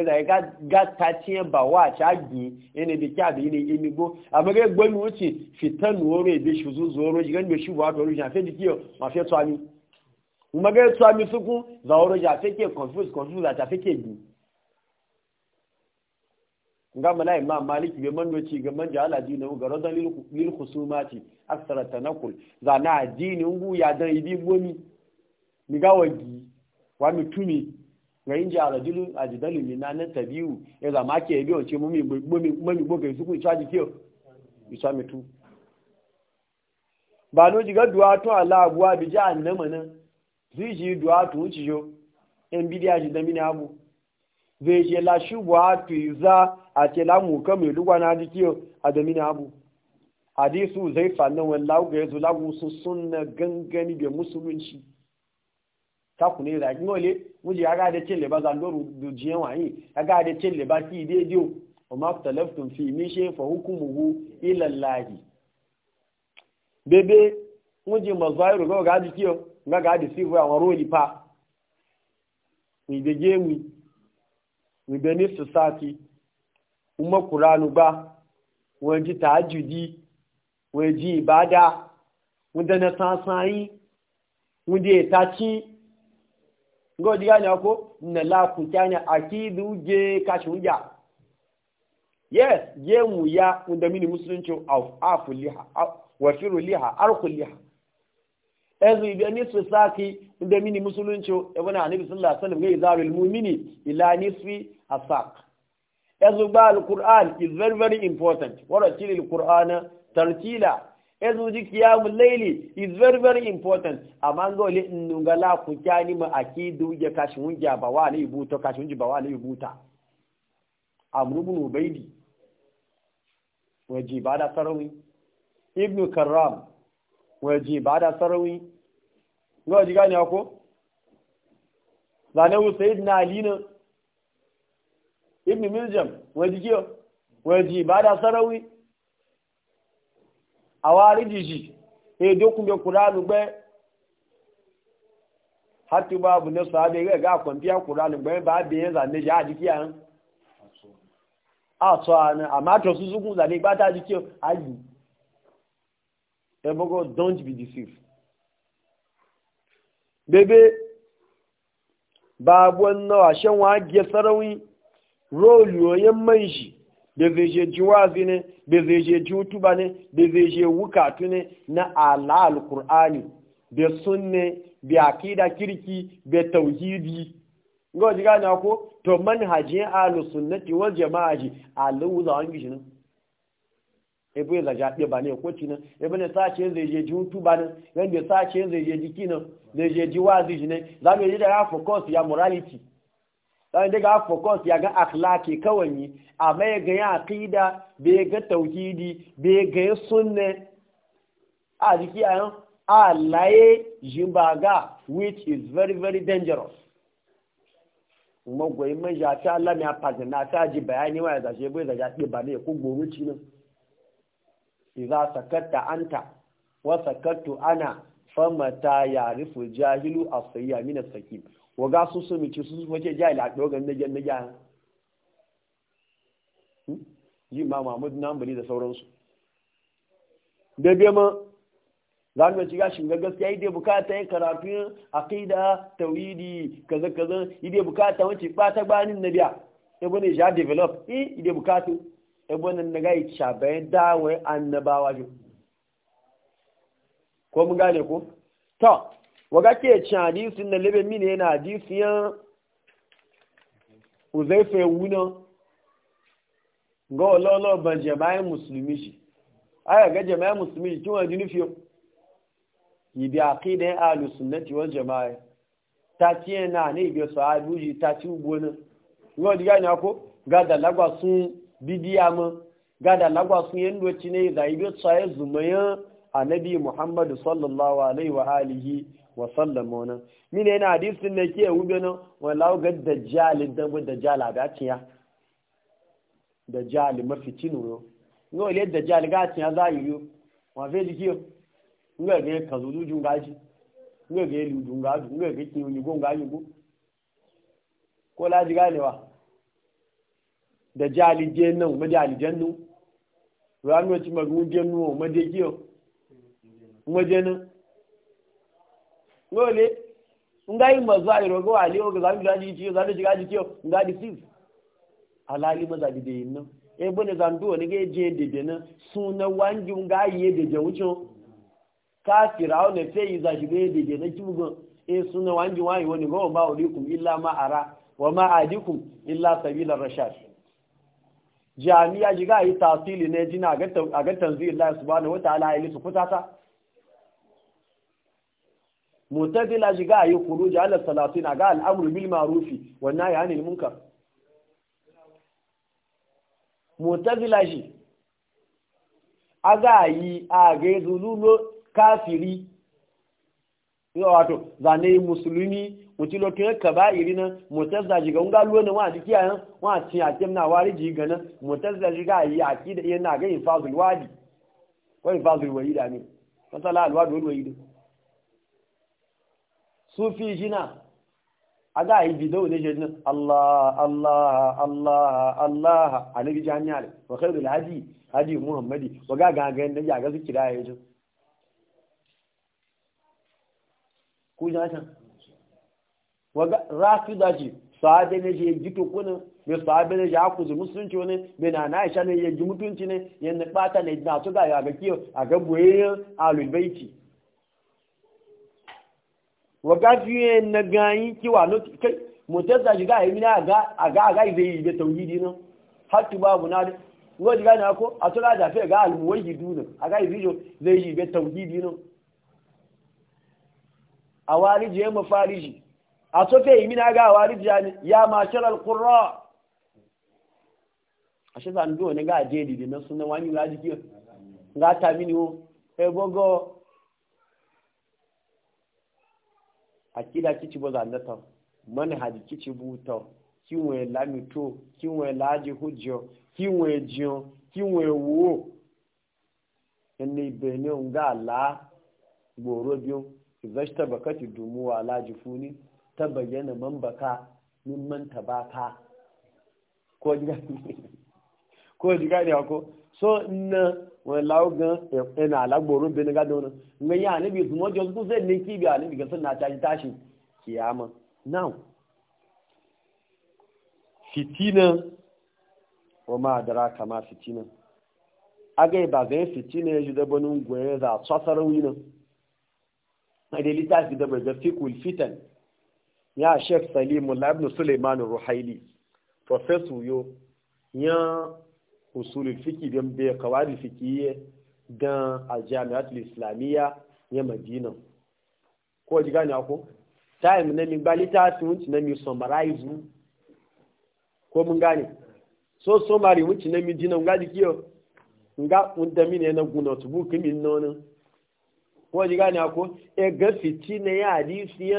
A: ìlà ẹ̀gá gàtà tí ẹ bà wà ṣáàgì ẹni bí kí àbí ilé ẹni gbó àmọ́gẹ́ gbẹ́mi ó ti fìtẹ́nu oró ìbí ṣùzú zòrò ìgbẹ́ níbi ṣùgbọ́n àtọ́rọ̀ ìṣàn fẹ́ di kí ọ màá fẹ́ tọ́ àmì mọ́gẹ́ tọ́ àmì sókún zàwọ́rọ̀ ìṣàn fẹ́ kí ẹ confuse confuse àtàfẹ́ kí ẹ e gbìn nga mala imam maliki be manno ci ga manja ala dina ga radan lil khusumati aksara tanakul za na dini ngu ya dan ibi gomi mi ga wagi wa mi tumi ga inji ala dilu ajdalu min nan tabiu ya e za ma ke bi o ce mu mi gomi mu mi goga su ku chaji kiyo sa mi tu ba no ga du'a to ala abuwa bi ja annama nan zuji du'a to ci jo en bidiya ji da na abu veje ce la shi wa tuiza a ce la mu mai lugwa na dikiyo a domini abu hadisu zai fannin wani lagu ya zo lagu su suna gangani da musulunci ta ku ne zaki ngole muje ya gada cin leba zandoru dujiyan wani ya gada cin leba fi daidai wa ma talaftun fi mishe fa hukumu ila lahi bebe muje mazairu ga ga dikiyo ga ga sifu awon roli pa ni de gemi wíbẹ̀ ní sọ́sáàtì umar kuranu gbá wọ́n jí tààjùdí wọ́n jí ìbádá wọ́n dẹ̀nà sánsán yí wọ́n dẹ̀ tàkí ngọ́ dígá ní ọkọ́ nà láàkùn kí a ní àkídù jẹ́ kàṣùn yà yes jẹ́ ya wọ́n dẹ̀mí ni musulunci wàfíru liha arkun liha mini musulunci anabi sallallahu alaihi ila nisfi asaq ezu ba alquran is very very important wara tili alqur'ana tartila yanzu ji mu laili is very very important amma ga wale nunga la ku kyani ma akidu ya kashi wunja ba wa ne buta kashi wunji ba wa ne buta amru bin ubaydi waje ba da sarawi ibnu karram waje ba da sarawi ga ji gani ko zanen sayid na alina ibn miljam waje kiyo waje ba sarawi a jiji e dokun da kuranu gbe hatu babu na sahabe ga ga kwamfiya kuranu gbe ba biyan zane ji a jiki yan a tsohana amma to su zukun zane ba ta jiki ayi ebogo don't be deceived bebe babu wannan washen wa ge sarawi roli oyen man shi da zai je jiwazi ne da zai je jutuba ne da zai je wukatu ne na ala alkur'ani da sunne da akida kirki da tauhidi ga ji gane ko to manhajin ahlus sunnati wal jama'a ji alu za an gishi nan ebe ya zaja ba ne ko cinan ebe ne sace zai je jutuba e ne yanda sace zai je jiki nan zai je jiwazi ne za mu yi da ya focus ya morality da ga focus ya ga akhlaki kawai amma ya ga aqida be ga tauhidi be ga sunne a jiki ayan a laye jimbaga which is very very dangerous mo goyi mo ja ta Allah mi a na ta ji bayani wa ya bo bai zaga ba ne ko goruci nan iza sakatta anta wa sakattu ana famata ya rifu jahilu as-sayya min as waga sun su mici sun wace jai la dogon na jan na ja yi hmm? ma mahmud na ambali da sauransu da biya ma za mu ci gashin gaskiya yi dai bukata yin karatu akida tawidi kaza kaza yi dai bukata wace bata banin na biya ebo ne ja develop eh yi dai bukatu ebo nan na ga yi shabayin dawai annabawa jo ko mun gane ko to waga ke ci hadisi na lebe mini yana hadisi ya uzaife wuna ga ololo ban jama'in musulmi shi aya ga jama'in musulmi shi tun wani nufi Ibi bi na ya ahlu sunnati wal jama'a ta ci yana ne bi sahabu ji ta ci ugbona ngo diga ni ako ga da lagwa sun bidiya mu ga da lagwa sun yendo ci ne da ibe tsaye zumayan annabi muhammadu sallallahu alaihi wa alihi wa sallama wani mine yana hadisin da ke wube nan walau ga dajjali dan bu dajjali a gaciya dajjali mafi cinu cinuro ní olè dajjali gaciya za a yi yi wa fẹ́ jiki kíyọ nígbà ga ka zuzu jun gaji nígbà ga lu jun gaju nígbà ga kin yi gon gaji go ko laji ganewa dajjali je nan ma majali jannu ranar ci magun jannu ma je ki kiyo ma je nan lole nga mazu a irogo a leo ga zanu jaji ciyo zanu jiga ji ciyo nga di sis alali maza di de yin e bone zandu wani ga je de de na suna wangi nga yi de de wucho ka firawo ne fe yi za shi be de de na kibugo e suna wangi wani wani go ba ulikum illa ma ara wa ma adikum illa sabila rashad jami'a jiga yi tasili ne jina a ga tanzir Allah subhanahu wa ta'ala ya lissu kutata mutadila shi ga yi kuruji ala na ga al'amru bil ma'rufi wannan ya ne munkar mutadila shi a ga yi a ga zululo kafiri yau wato zane musulmi mutilo to ya kaba iri nan mutazila shi ga ngalo ne wa jiki ayan wa ci a tem na wari ji ga nan mutazila shi ga yi a ki da yana ga infazul wadi ko infazul wahida ne masala alwadi wal wahida sufi jina a ga yi bidau ne shi Allah Allah Allah Allah a nabi jami'a ne wa khairul hadi hadi muhammadi wa ga ga ga yanda ya ga su kira ya yi ku ja ta wa ga rafida ji sahabe ne je jito kunin me sahabe ne ya kuzi musulunci wani me na na isha ne ya ji mutunci ne yadda ɓata ne na to ga ga kiyo a ga alubaiti wagafiye na gayi kiwa no kai motar da jiga yi mina ga aga ga ibe ibe tauhidi no hatu babu na da ngo jiga na ko atura da fe ga almuwahidu no aga ibe jo zai ibe tauhidi no awari je mu fariji atofe yi mina ga awari jani ya mashar alqurra ashe zan do ne ga je didi na sunan wani ga jiki ga ta mini o e bogo akida kici bo za mani manhaji kici buta kinwe to, kinwe laji hujjo kinwe jion kinwe wo nga la gboro bakati laji funi man baka min manta baka ko jiga ne ko so na wani laugan yana alagborin benin gado nan mai ya anabi su mojo su zai ne kibi anabi ga sun na tashi tashi kiyama now fitina wa ma dara kama fitina agai ba zai fitina ya ji da banin goye za a tsasar winan a da littafi da bai zafi fitan ya shek salimu labnu suleiman ruhaili professor yo Ya. usulul fiki don bai kawari fikiye don aljami'atul islamiyya ya madina ko ji gane ko time na mi bali ta sunci na mi summarize ko mun gane so summary wuci na mi dinan ga dikiyo nga unda mi ne na guna to bu kimi nono ko ji gane ako, e ga fiti ne ya hadisi ya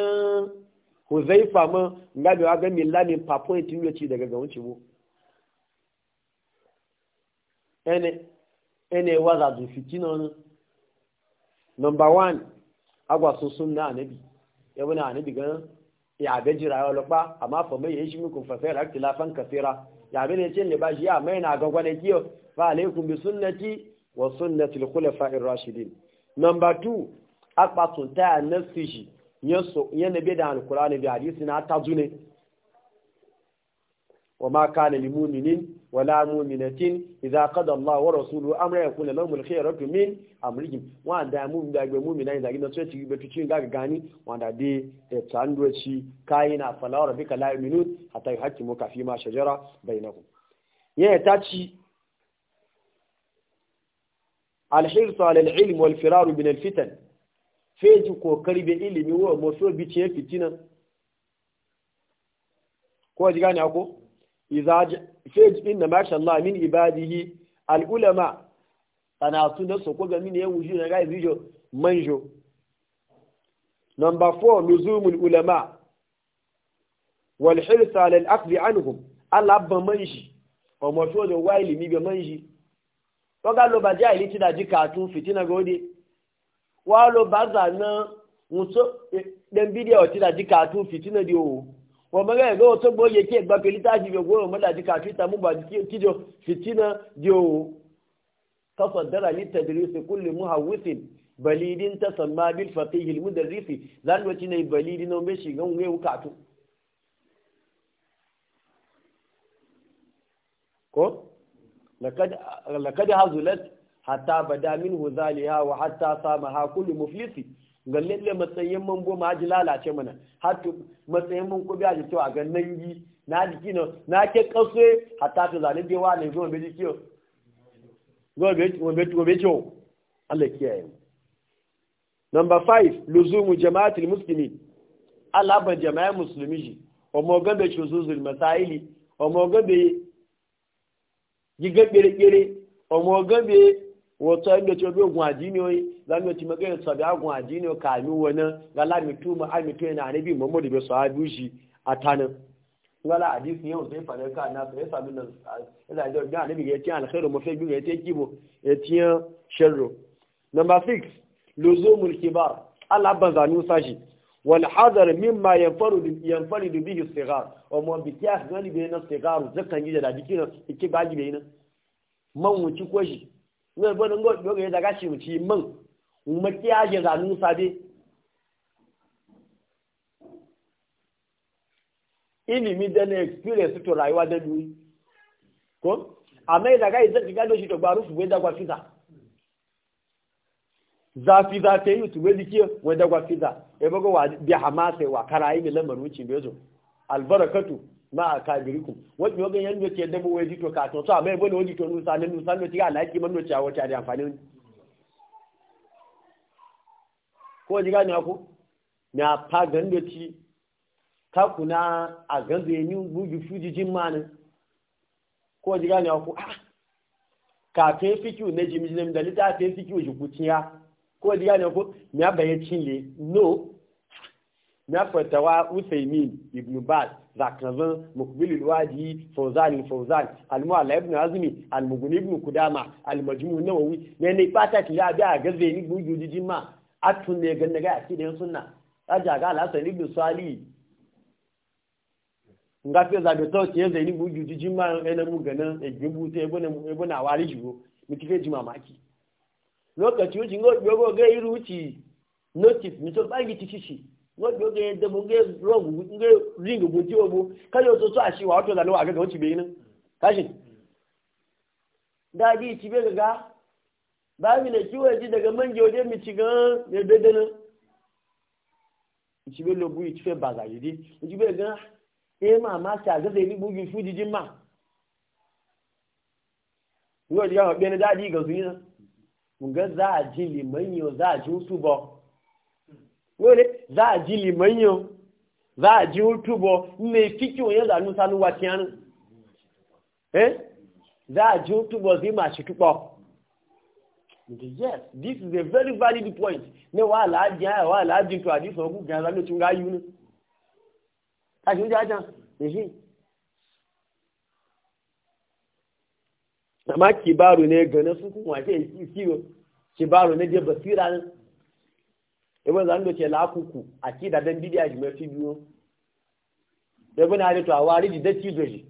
A: zai fama nga bi wa ga mi lamin papoint mi ci daga ga wuci bu ene waza da fitina wani number one agwasun na anabi yabi na anabi ganin yabe jira ya lupa amma fa mai yashi muku fa sai rakti lafan kafira yabe ne cin liba shi ya mai na ga gwane kiyo fa alaikum bi sunnati wa sunnati al khulafa'i rashidin number 2 akpatun ta nafsi shi yaso yana bi da alqur'ani bi hadisi na tajune وما كان لمؤمن ولا مؤمنة إذا قضى الله ورسوله أمر يكون لهم الخيرة من أمرهم وأن دا مؤمن دا مؤمن إذا كنا تشي بتشين دا غاني وأن دي تاندو شي كاينا فلا ربك لا يؤمنون حتى يحكموك فيما شجر بينهم يا تاتشي الحرص على العلم والفرار من الفتن فيجو كوكري بإلمي ومسؤول بيتشين فتنة كو جاني أكو fej inna masha Allah min ibadihi al'ulama tana su da su kuga mini ya wuju na gai zijo manjo. Number 4 nuzumul ulama wal hirsa lil akhdhi anhum Allah ba manji o mo to do wa ilimi be manji to ga lo ba ja ilimi da ji katun fitina gode wa lo ba za na muso dan bidiyo ci da ji katun fitina di o wa maga ga wato bo yake ba pelita ji go go mala ji ka tuta mu ba ji kijo fitina jo tasaddara li tadris kulli muhawwisin balidin tasamma bil faqih al mudarris zan wati ne balidin no be shi ga ngue wukatu ko laqad laqad hazulat hatta bada minhu zaliha wa hatta samaha kullu muflisi ga lalle matsayin man goma haji lalace mana hatu matsayin man ko biya cewa ga nan yi na jiki na na ke kaso hatta ta zalin dewa ne goma bai jiki gobe gobe gobe jo Allah kiyaye number 5 luzumu jama'atul muslimin Allah ban jama'a musulmi ji omo gabe shuzuzul masaili omo gere wata inda ce bai gun addini wai za mu ci magana sa da gun addini ka mi wani ga la mi tuma ai mi tuna annabi Muhammad bai sa a shi a tana. wala hadisi yau sai fara ka na sai sa min nan ila da ga annabi ya ce alkhairu mafi bi ya ce kibo ya ce sharru number 6 luzumul kibar Allah ban zanu sashi wal hadar mimma yanfaru yanfaridu bihi sigar O mu bi kiyas gani bai na sigar zakan yi da dikin ki be bai na man wuci ko shi E ne bo ngo bo ge daga shi muci mun mu ki aje da nu sabe ilimi da na experience to rayuwa da duni ko amma daga idan ki gado shi to gbaru su da gwa fita zafi zafi yi su wadi ke wadda gwa fita ya e bago wa bi hamasa wa karayi e da lamarin wuce bezo albarakatu ma a wani yau ganyen yadda ke dabo wai jito katon su a mai bane wani jito nusa ne nusa ne tiga alaƙi man a wata da amfani wani ko ji gani ku na fa gando ci ta kuna a gando yanyi gugu fujijin mani ko ji gani ku a ka kafin fikiyu na jimijin da lita ta fikiyu jikuciya ko ji gani ku na bayan cinle no na fatawa Usaimin Ibn Baz zakazan mukbil alwadi Fawzan fozan al-Mu'alla Ibn Azmi al-Mughni Ibn Kudama al-Majmu' Nawawi ne ne fata ki ya da gaze ni bujuji a atun ne ganna ga akidan sunna aja ga al-Hasan Ibn Salih nga pe za beto ti eze ni bujuji jima ene mu gana egbebu te ebo ne ebo na wari jiwo mi fe jima maki lokaci o jingo gbogo ga iru ti notice mi to bangi ti shishi wọ́n gbé oge dẹ́mu ngé rọ́ọ̀gù ngé ríngì bu tí o bu káyọ̀ tó tó àṣìwà ọ̀tọ̀ ìlànà wà ó ti bèyí ná káṣí. dáadé ti bẹ́ gàgá báyìí lè kí wọ́n ti dẹ̀gẹ́ mẹ́njẹ́ ojú mi ti gan lè dédé ná. ìtìbẹ́ ló bu ìtìfẹ́ bàgà yìí dé ìtìbẹ́ gan ẹ máa má ṣe àgẹ́sẹ̀ ní gbogbo fún jíjí mà. ìwé ìdíyàwó gbẹ́ni dáadé ìgànsù wole za a ji za a ji hutubo fiki wani zanu sanu watiyan eh za a ji hutubo zai yes this is a very valid point ne wa alhaji ya wa alhaji to hadisi wa gugan zanu tun gayu ne a ji jajan ne shi amma kibaru ne ganin su kuma ce kibaru ne je basira ne ebe zan ndo ce la kuku akida dan bidiya ji mafi biyo na ari to awari ji dacci ji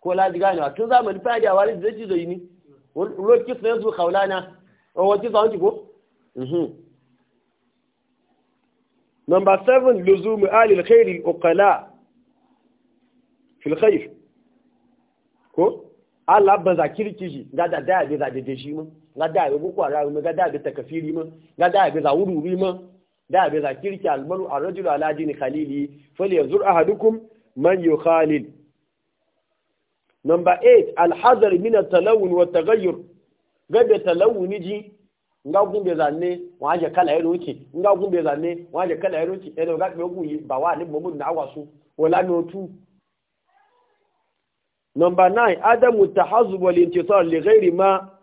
A: ko la diga ne to za zamani fa da awari ji dacci doji ni ki sai zu khawlana o oh, wati zan ko mhm number 7 luzum ali al-khair al qala fi al-khair ko Allah ban zakirki ji ga da da da da shi mun nga da bi boko haram ma ga da bi takafiri ma ga da bi zawururi ma da bi zakirki almaru arrajulu ala dini khalili falyanzur ahadukum man yukhalil number 8 alhazar min at-talawun wa at-taghayyur ga da Talawun ji nga gun be zanne wa je kala yero ki nga gun be zanne wa je kala yero ki eno ga be gun ba wa ni mo na wa su wala no tu number 9 adamu tahazzub wal intisar li ghairi ma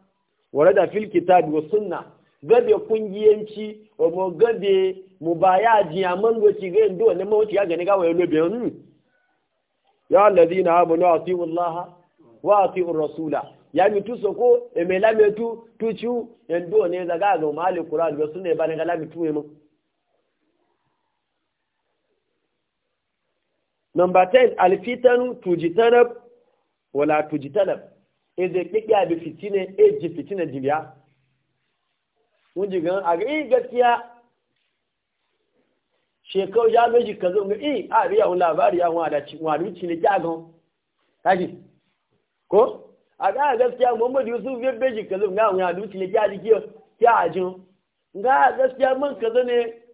A: warada fil kitab wa sunna gabe kungiyanci wa mo gabe mubayaji amman goci ga ndo ne mo ci ga ne ga wa lobe hun ya alladhina amanu atiu allaha wa atiu rasula ya mi tu soko e me la me tu tu chu ndo ne da ga ga mali qur'an ne ga la tu e mo number 10 alfitanu tujitanab wala tujitanab eze keke abi fitine eji fitine jibiya mun ji gan a ga i shekau ya meji ka zo ga i a riya hun labari ya hun ci wa ruci ne ki gan kaji ko a ga gaskiya muhammad yusuf ya beji ka zo ga hun ya ruci ne ki ji kiyo kya ajin ga gaskiya man ka zo ne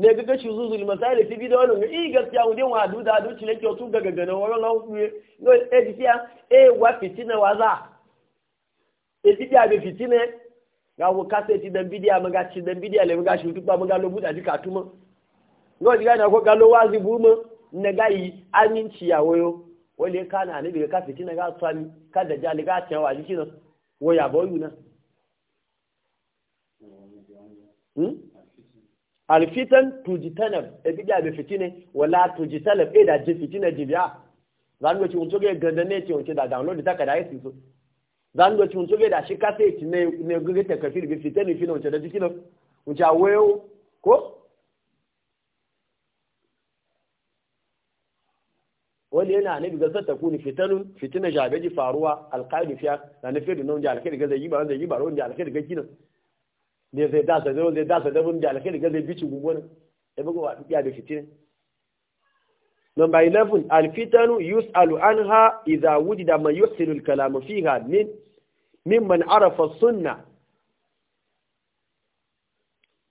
A: ne ga gashi zuzu ne masali fi bidiyo ne i gaskiya wunde wa du da du cile kyotu daga gana wa ran lawu ne no e dikiya e wa fitina wa za e dikiya ga fitina ga wo kase ti dan bidiya ma ga ci dan bidiya le ga shi tu ba ma ga lo buda di katuma no diga na ko ga lo wazi bu mu ne ga yi aminci ya wayo wale kana ne be ka fitina ga tsami ka da jali ga ta wa ji kina wo ya boyu na hmm alfitan tujitanab e bidiya be fitine wala tujitanab e da je fitine jibiya zan ci unto ge ganda ne ci unto da download ta kada yasi e so zan ci unto ge da shi ti ne ne gugu ta kafir be fitine fina unto da jikino unto aweyo ko wani yana annabi ga zata kuni fitanun fitina jabeji faruwa alqaidu fiya da nafi da nan ja alkhairi ga zai yi ba zai yi ba ron ja alkhairi ga kinan ne zai dasa zai zai dasa dabin da alkhairi ga zai bici ne da bugu wa dukiya da fitin number 11 alfitanu yus'alu anha idza wujida man yusilu al-kalam fiha min mimman arafa sunna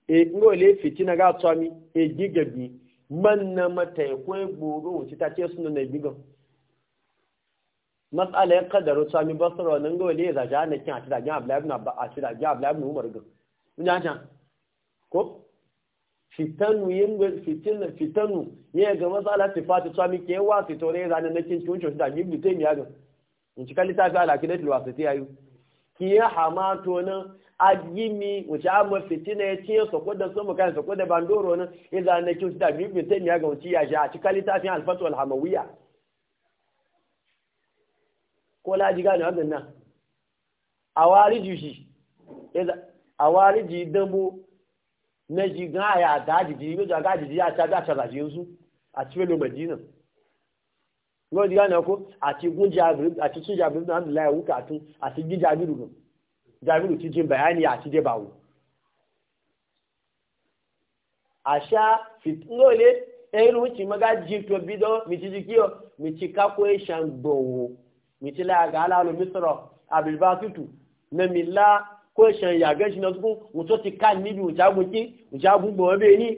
A: e ngole fitina ga tsami e gigabi man na mata ko gugu wuci ta ce sunna na gigan mas'ala ya kadaru tsami basara nan ngole ya zaja na kin a tida gyan abdullahi ibn abbas a tida gyan abdullahi na umar gan kunja can ko fitanu yin fitin fitanu ya ga matsala tifati tsami ke wa fitore zane na kin kin da gibli te mi yaga in ci kalita ga ala kidat wasati ayu ki ya hamato na agimi wuce amma fitina ya ce sako da sama kan sako da bandoro na ya zane kin da gibli te mi yaga wuce ya sha ci kalita fi alfatu alhamawiya ko la jiga ne nan a wari jushi àwárí jì dánbó nẹ́jì gan àyà àdájìdì méjì àgájìdì àtàbí àṣàbàjì oṣù àti fẹ́lẹ̀ mẹ̀dínà wọ́n di gánà kó àti gúnjẹ àbúrú àti túnjẹ àbúrú náà nílá ẹ̀wú kàtún àti jíjẹ àbúrú gan jàbúrú ti jẹ bàyá ni àti jẹ bàwò àṣà fìtúnlẹ̀ ẹ̀rù ti mọ́gá jí tó bí dán mi ti di kíọ̀ mi ti kákó ẹ̀ṣàn mi ti láàgá aláàlú mi àbìlbá tútù mẹ́mi kó ẹ̀ṣẹ̀ ìyàgbẹ́ ṣìnà tó kún òun tó ti ká níbi òjágun kí òjágun gbọ̀n bẹ́ẹ̀ ní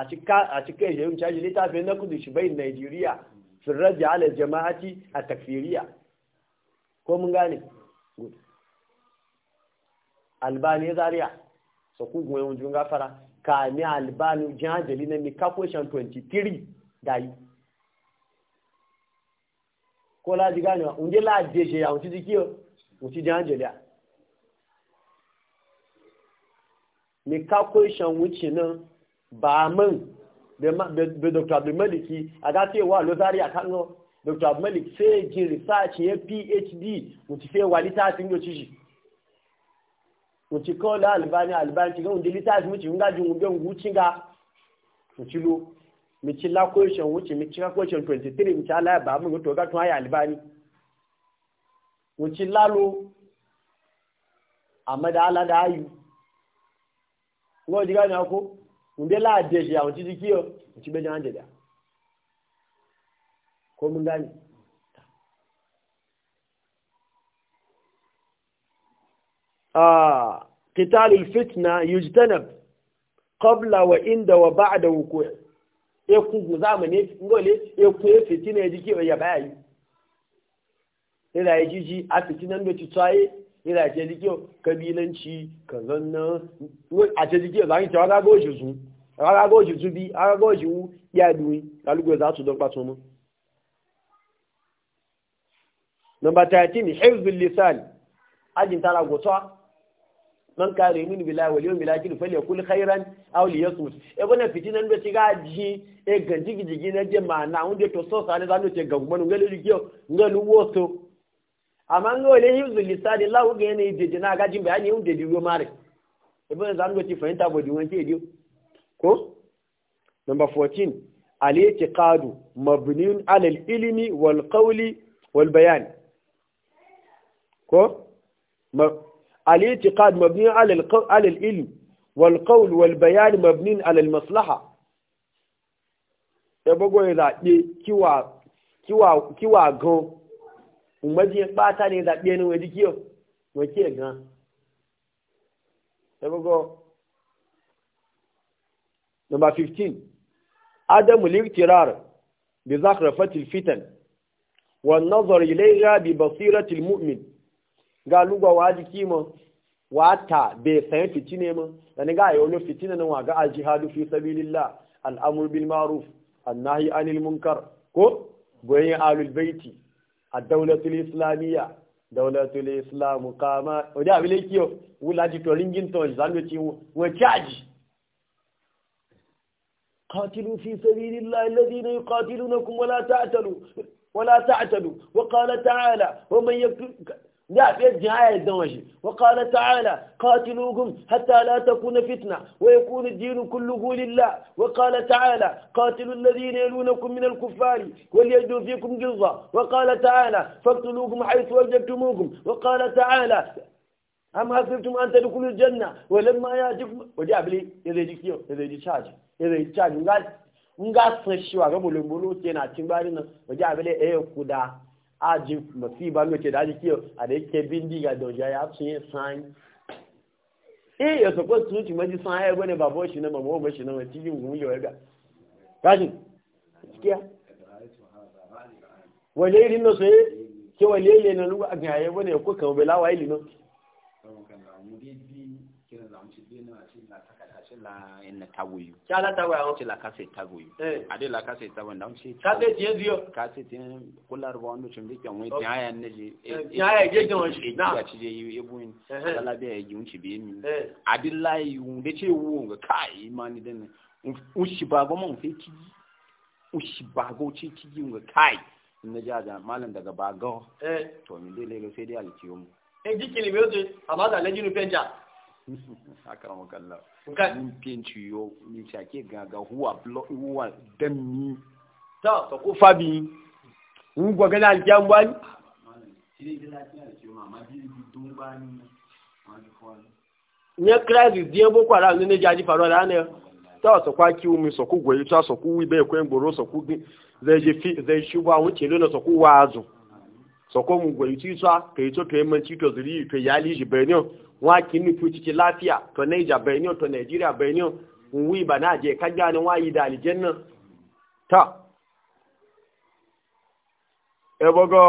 A: àti ká ẹ̀ṣẹ̀ òjágun létà fẹ́ nẹ́kùn ṣùgbẹ́ ì nàìjíríà fìrẹ́dì alẹ́ jẹmáàtì àtàkfìríà ko mun gane albani zaria so ku gwe mun jun gafara ka ni albani jajali ne mi ka ko la mi kakwai shan wuce nan ba min da dr abdulmaliki a dacewa lozari a kan dr abdulmalik sai jin research ya phd wuce sai wa littafin yau ci shi wuce kawai da albani albani ci ga wunde littafin wuce nga jin wunde wuce ga wuce lo mi ci la question wuce mi ci ka question 23 mi ci ala ba min to ga tun ayi albani wuce lalo amma da ala da ayu wọ́n ti gánà kó ǹdẹ́ láàdé ṣe àwọn títí kí ọ ti bẹ́jọ́ á jẹ̀dá kó mú gánà. قتال الفتنة يجتنب قبل وعند وبعد وقوعه ekun zamani ngole ekun fitina ejiki ya bayi ila ejiji a fitina ndo tsaye ina ce jiki kabilanci ka zanna. a ce jiki zan ce ga goshi su ga goshi su bi ga goshi wu ya duwi kalugo za su don kwaso mu number 13 hifzul lisan ajin tara gotwa man kare min bila wal yawm kuli hairan khairan aw liyasmut e bona fitinan be tiga ji e ganjigi jigi na je ma na unde to so sale zanu te gagbo ngale jikio ngalu woso amma ngo le hifzul lisani lawo ga ne de na ga jin bayani un de diwo mare ibn zan go ti fahimta bo diwon ke diwo ko number 14 al-i'tiqadu mabniun 'ala al-ilmi wal qawli wal bayan ko al-i'tiqad mabniun 'ala al-'ala al-ilm wal qawl wal bayan mabniun 'ala al-maslaha ebogo ira de kiwa kiwa kiwa gan ya ɓata ne zaɓe ne waje kiyo wake gan sabago number 15 adamu liktirar bi zakrafatil fitan wa nazar ilayha bi basiratil mu'min ga lugwa waji Wa ta, bai san fitine mu Sani ga ayo lo fitina wa ga aljihadu fi sabilillah Al'amur, bil ma'ruf an anil munkar ko goyen alul baiti الدولة الإسلامية دولة الإسلام قامت وده أبلي كيو ولا جتورين جنتون زانو تيو وتشاج قاتلوا في سبيل الله الذين يقاتلونكم ولا تعتلوا ولا تعتلوا وقال تعالى ومن يقتل da fiye jin aya idan waje wa qala ta'ala qatiluhum hatta la takuna fitna wa yakuna ad-din kulluhu lillah wa qala ta'ala qatilu alladhina yalunakum min al-kuffari walyajdu fikum jizza wa qala ta'ala faqtuluhum haythu wajadtumuhum wa qala ta'ala am hasibtum an tadkhulu al-janna wa lamma ya'tikum waje abli yaje dikiyo yaje dichaji yaje dichaji cin eh, kuda aji masiba loke da aji kiyo a da yake bindiga da wajen ya fi sanyi eh ya sako su ci maji san haya gwani babuwa shi na mamawa ba shi na mai cikin gumi yawar ga kashi cikiya wale iri na soye ke wale iri na nugu a gaya gwane ya kuka wabela wa ili na? la ina tawoyu cala tawayo ti la kase tawoyu ade la kase tawoyu ndam si kase tiɲɛ diyo kase tiɲɛ ko laruba wọn tun bɛ kɛ ŋun tiɲɛ ya ne je tiɲɛ ya je jɔn si na ya ti je e bu in ala bɛ ye jun si bɛ min ade la yi ŋun de ti wo nga ka yi ma ni dɛnɛ ŋun si ba gɔmɔ ŋun fɛ ti ŋun si ba gɔ ti ti ji nga ka yi ne jaja malam daga ba gɔ to min de le ka se de ali ciwo mu. e ji kiri bɛ o akaramu kalla min penci yo min chake gaga huwa blo huwa ta to ko fabi un gwa gana faru ala ta sọkwa ki umi sọkwu gwe ịtụ asọkwu ibe ekwe mgboro sọkwu zai fi zai shi gwa nwuce lona sọkwu wa azu. sọ̀kọ́ ń gbẹ̀yìn tí sọ́ kèyí tó kèyí mọ́tí tó zìrí ìtò ìyáálé ìjì bẹ̀rẹ̀ náà wọ́n á kì í nípò títí láfíà tó nàìjà bẹ̀rẹ̀ náà tó nàìjíríà bẹ̀rẹ̀ náà ń wí ìbànú àjẹ́ kájá ni wọ́n á yí da náà tà. ẹ bọ́gọ́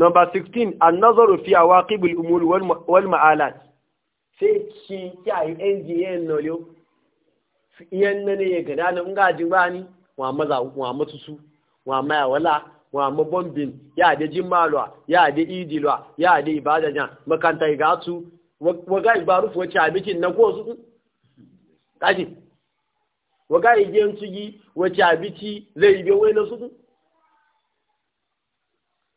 A: nọmba sixteen anazoro fi àwa kíbil umuru wọlmọ alat ṣé kí kí àyè ẹnjì yẹn nọ lé o ìyẹn nọ yẹn gàdá ni ń gàdí bá wọn àmọ́ wa maya wala wa mu bombin ya da jimmalwa ya da idilwa ya da ibadajan makanta igatu waga ibarufu wace abikin na ko su kaji waga igen tugi wace abici zai ibe wai na su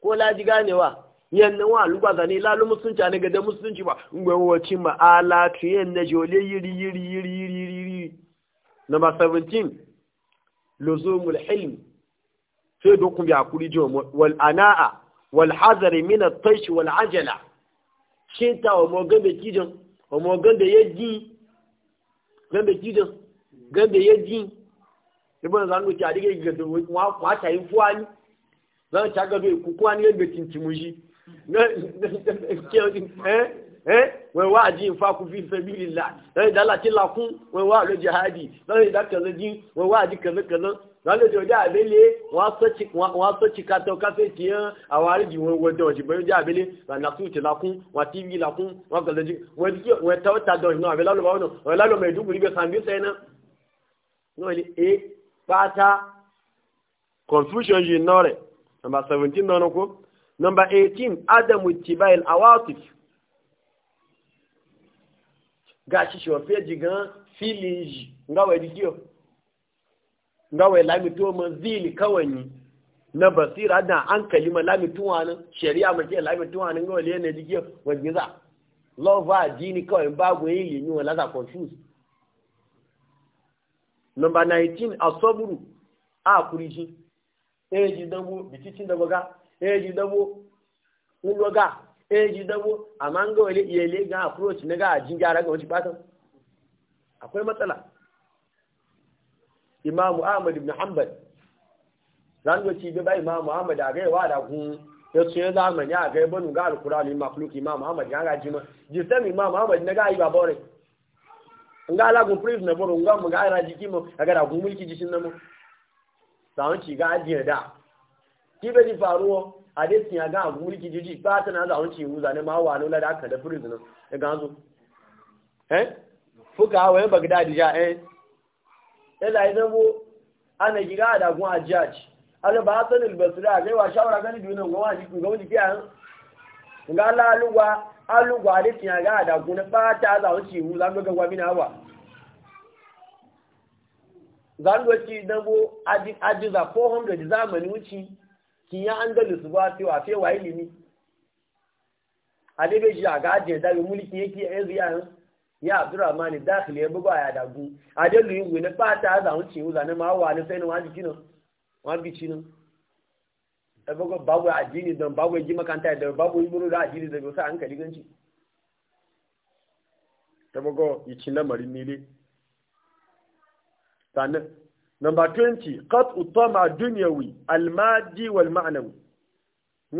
A: ko laji ganewa nan wa lugbaza ne lalu musulunci ne gada musulunci ba gwamnati ma'ala tuyen na jole yiri yiri yiri yiri yiri number 17 luzumul hilmi sai don kuma yakuri jiwa wal ana'a wal hazari min at-taysh wal ajala shin ta wa mogan da kijin wa mogan ya yaji gan da kijin gan da yaji ibn zan wuce a dige ga wa wa ta yi fuwani zan ta ga bai kukuwa ne ga cincimu shi eh eh wai wa ji fa ku fi sabilillah eh da Allah killa ku wai wa lo jihadi sai da kaza ji wai wa ji kaza kaza lọ́lọ́ tí ọjọ́ àbélé wọ́n sọ chika tó káfẹ́ tí yán àwọn àríjì wọn wọ́dọ̀ ọ̀ṣìgbọ́n ọjọ́ àbélé rànàkú ti lakún wọn tv lakún wọn kọ̀lẹ̀ jí wọn tẹ́wọ́ tàdọ̀ ìná àbẹ́ ngawai lamito ma zili kawai na basira da an kalima lamituwa nan shari'a mace lamituwa nan ngawai lene jike wajiza lova jini kawai babu yi yi wa laza confuse number 19 asoburu a kurishi eji dabo bititin dabo ga eji dabo ulo ga eji dabo amma ngawai yele ga approach na ga jin gyara ga wani batan akwai matsala imamu ahmad ibn hanbal zango ci bi ba imamu ahmad a gaiwa da kun ya ce zamani a gaiba nu ga alkurani makhluk imamu ahmad ya ga jima jisam imamu ahmad na gaji ba bore nga alagun prince na bore nga mu ga ira jiki mu ga da kun mulki jishin na mu zawon ci ga ajiya da ki be di faruwa a dai tin ya ga agun mulki jiji ba ta na zawon ci mu zane ma wa lola da aka da prince na ga zo eh fuka wa bagdadi ja eh ila idan bu ana giga da gun a ala ba san albasira wa shawara gani dunan gwa ji kun fi kiya ga ala aluwa aluwa da tiya ga da gun ba ta za wuce mu zan ga gwa mina wa zan ga ci dan bu aji aji za 400 zamani ki ya andalus ba fi wa fe wa ilimi adebeji aga ajin da yake yanzu ya abdurrahman dakhil ya ya dagu a je lu yiwu ne ma wa ne sai ne waji kino wa bi chino e bugu babu ajini don babu ji makanta da babu iburu da ajini da gosa an kali ganci ta bugu yi cin lamarin nile sannan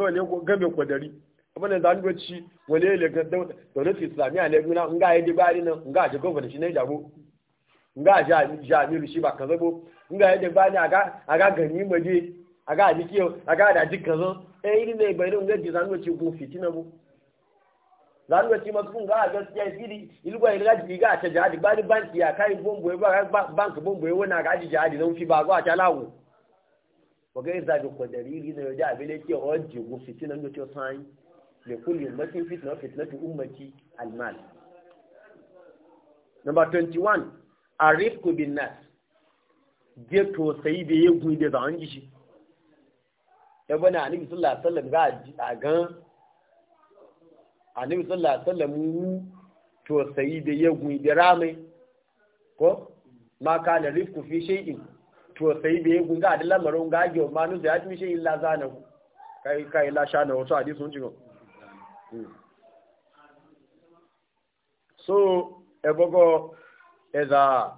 A: ne game kwadari abin da za ni bacci wani ya lekar daular islamiyya ne guna nga ya ji bari nan nga ji gwamnati shi ne jago nga shi ba ka zabo nga ya ji bari a ga gani maje a ga ji kiyo a ga da jika zan eh, ɗan yi ne bai nga ji za ni bacci ko fitina bu za ni bacci masu kun ga a gaskiya fili ilgwa ilga ji ga ta jihadi ba ni banki ya kai bombo ya ba banki bombo ya wani a ga ji jihadi zan fi ba zuwa ta lawo wa ga yi zaɓi kwadariri na yau da abin da ke ojigun oh, fitinan da ke sanyi da kulli ummatin fitna fitnatu ummati almal number 21 arifku bin nas je to sai da ya gumi da zan ji shi ya bana annabi sallallahu alaihi wasallam ga a gan annabi sallallahu alaihi wasallam to sai da ya gumi da ramai ko ma kana rifku fi shay'in to sai da ya ga da lamarin ga ga ma da ya tumi shay'in la zanahu kai kai la shana wato hadisi sun ci so ebogo eza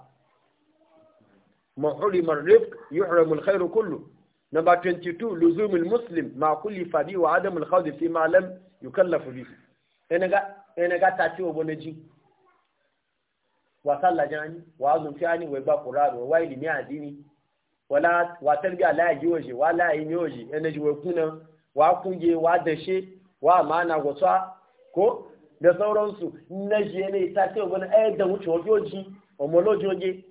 A: mahurimar rifk yuhramul khairu kullu number 22 luzumul muslim ma kulli fadi wa adamul khawdi fi ma lam yukallafu bihi enaga enaga tati oboneji wa sallah jani wa azum jani wa ba qur'an wa ilmi adini wala wa tarbiya la yoji wala yin yoji enaji wa kuna wa kunje wa dashe wa mana gwasa ko da sauransu na je ne ta ce wani ayar da wuce wajoji homolojoje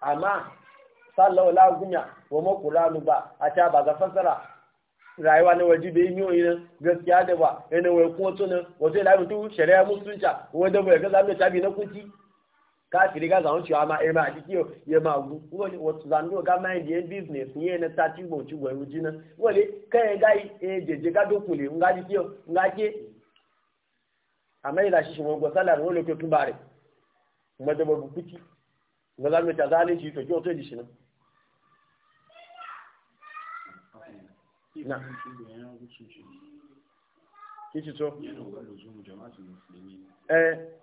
A: amma sallawa lagunya wa makulanu ba a ta ba ga fassara rayuwa na waje da yin yoyi nan gaskiya da ba yana wai kuma tunan wato ya lafi tu shari'a musulunca wadda bai ga zamu tabi na kuti. káàkiri gáàsì àwọn tíwá máa ẹ̀rọ àti kíyọ̀ yẹ máa wú wọ́n ni wọ́n náà wọ́n ńgá wọn gbọ́ sálà wọn lè tó rẹ̀ mọ́tẹ́bọ̀ gbọ́dọ̀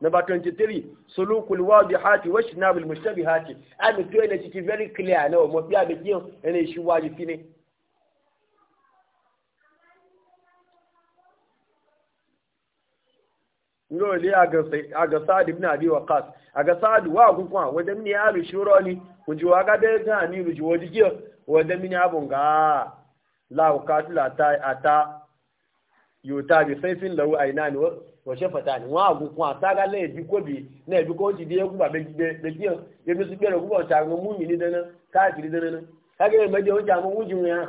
A: Number 23, sulukul wadi hati wa shinabul mushtabi hati. Ami to yana ciki very clear na mo bi abi kiyo ene shi waji fine. Ngo le aga sai aga Sa'd ibn Abi Waqqas. Aga Sa'd wa ku kwa wanda mini ya bi shuro ni kunji wa ga da ga ni bi jiwo wa wanda mini abun ga la ukatula ta ata yuta bi sayfin lahu ainani wọ̀ṣẹ́ fẹ̀tàní wọ́n àgùnkùn àtàgà lẹ́ẹ̀bí kóbi lẹ́ẹ̀bí kó ti di ẹkùn bàbá gbẹgbẹ́ ebi tó gbẹ̀rẹ̀ púpọ̀ ṣàrùn mú mi ní dáná káàkiri dáná ná káàkiri mẹ́jọ oúnjẹ àwọn oúnjẹ wọn yàn.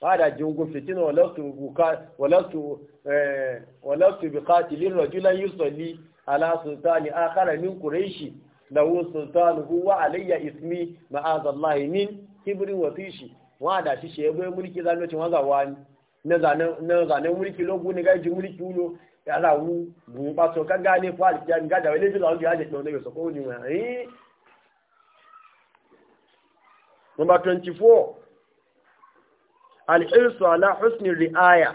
A: fada jingo fitina walastu bi qatilin rajulan yusalli ala sultani akhara min quraishi lahu sultanuhu wa alayya ismi ma'azallahi min kibrin wa fishi wa da shi shebe mulki zanocin wazawa ne na zanen mulki logu ne gaji yàrá wú gùn pàtó gágá ní fún àlìjá ní gájà ilé ìjọba ọjọ́ àjẹpẹ́ ọ̀nà ìgbésọ̀kọ́ òní wọn rí. Number twenty four al'irsu ala husni ri'aya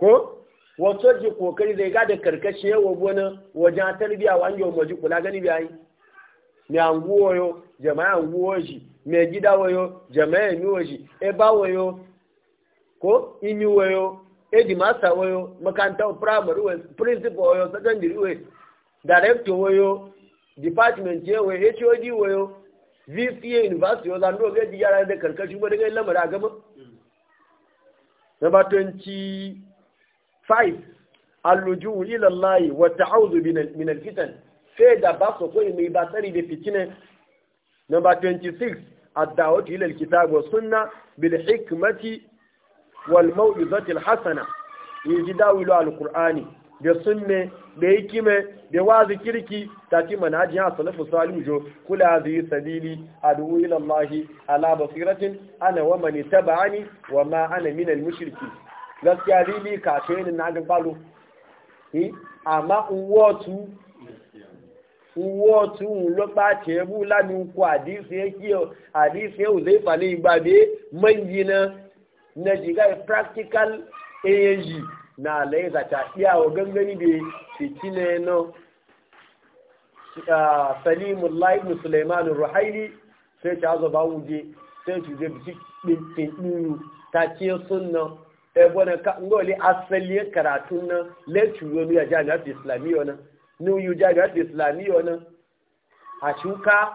A: ko wato ji kokari zai gada karkashe wa wani wajen tarbiya wa angewa maji kula gani biyayi mai anguwoyo jama'a anguwo shi mai gida wayo jama'a yi wayo e ba wayo ko imi wayo edi masa wayo makantar primary wayo principal wayo secondary wayo director wayo department yawa hod wayo vca university wayo zanen ga ji yara da karkashin wani ga lamara gama number 25 alluju ila allahi wa ta'awudu min fitan sai da ba su ko mai ba tsari da fitinin number 26 six dawatu ila al-kitab wa sunnah bil hikmati wal mau'izatil hasana yaji dawilo alqur'ani da sunne da hikime da wazi kirki ta ci manhaji ha salafu salihu kula zai sabili adu ila Allah ala basiratin ana wa man tabani wa ma ana min al gaskiya lili ka to na ga falo eh amma uwotu uwotu lo ba tebu lanu ku hadisi yake hadisi yau zai fani babe manjina na jiga practical ang na lai ta iya wa gangani da fiti ne na ah, Salimu ibn Sulaiman ruhaini sai ta zo ba wuje sai su je biki ɗin ta ce na. e na ka ngoli asali karatun lati lecture ne ya jami'at islamiyya nan ja yu da islamiyya na. a shuka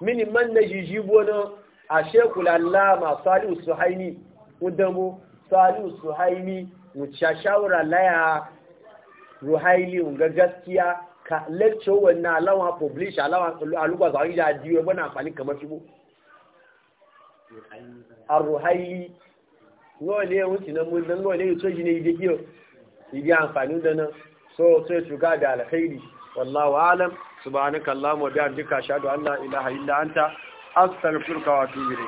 A: mini man na jijibu na, a shekula allama salihu suhaini udamo salihu suhaimi mu ca shawara laya ruhaili ga gaskiya ka lecture wannan alawa publish alawa alugwa za a yi da diwe bana amfani kamar shi bu a ruhaili lọ́ọ̀lẹ́ ẹ̀hún ti náà mú ní shi ne yìí ní ibi kí o ibi àǹfààní dáná sọ́ọ̀tọ́ ìtùgá da alkhairi wallahu alam subhanakallahumma wa bihamdika ashhadu an la ilaha illa anta astaghfiruka wa atubu ilayk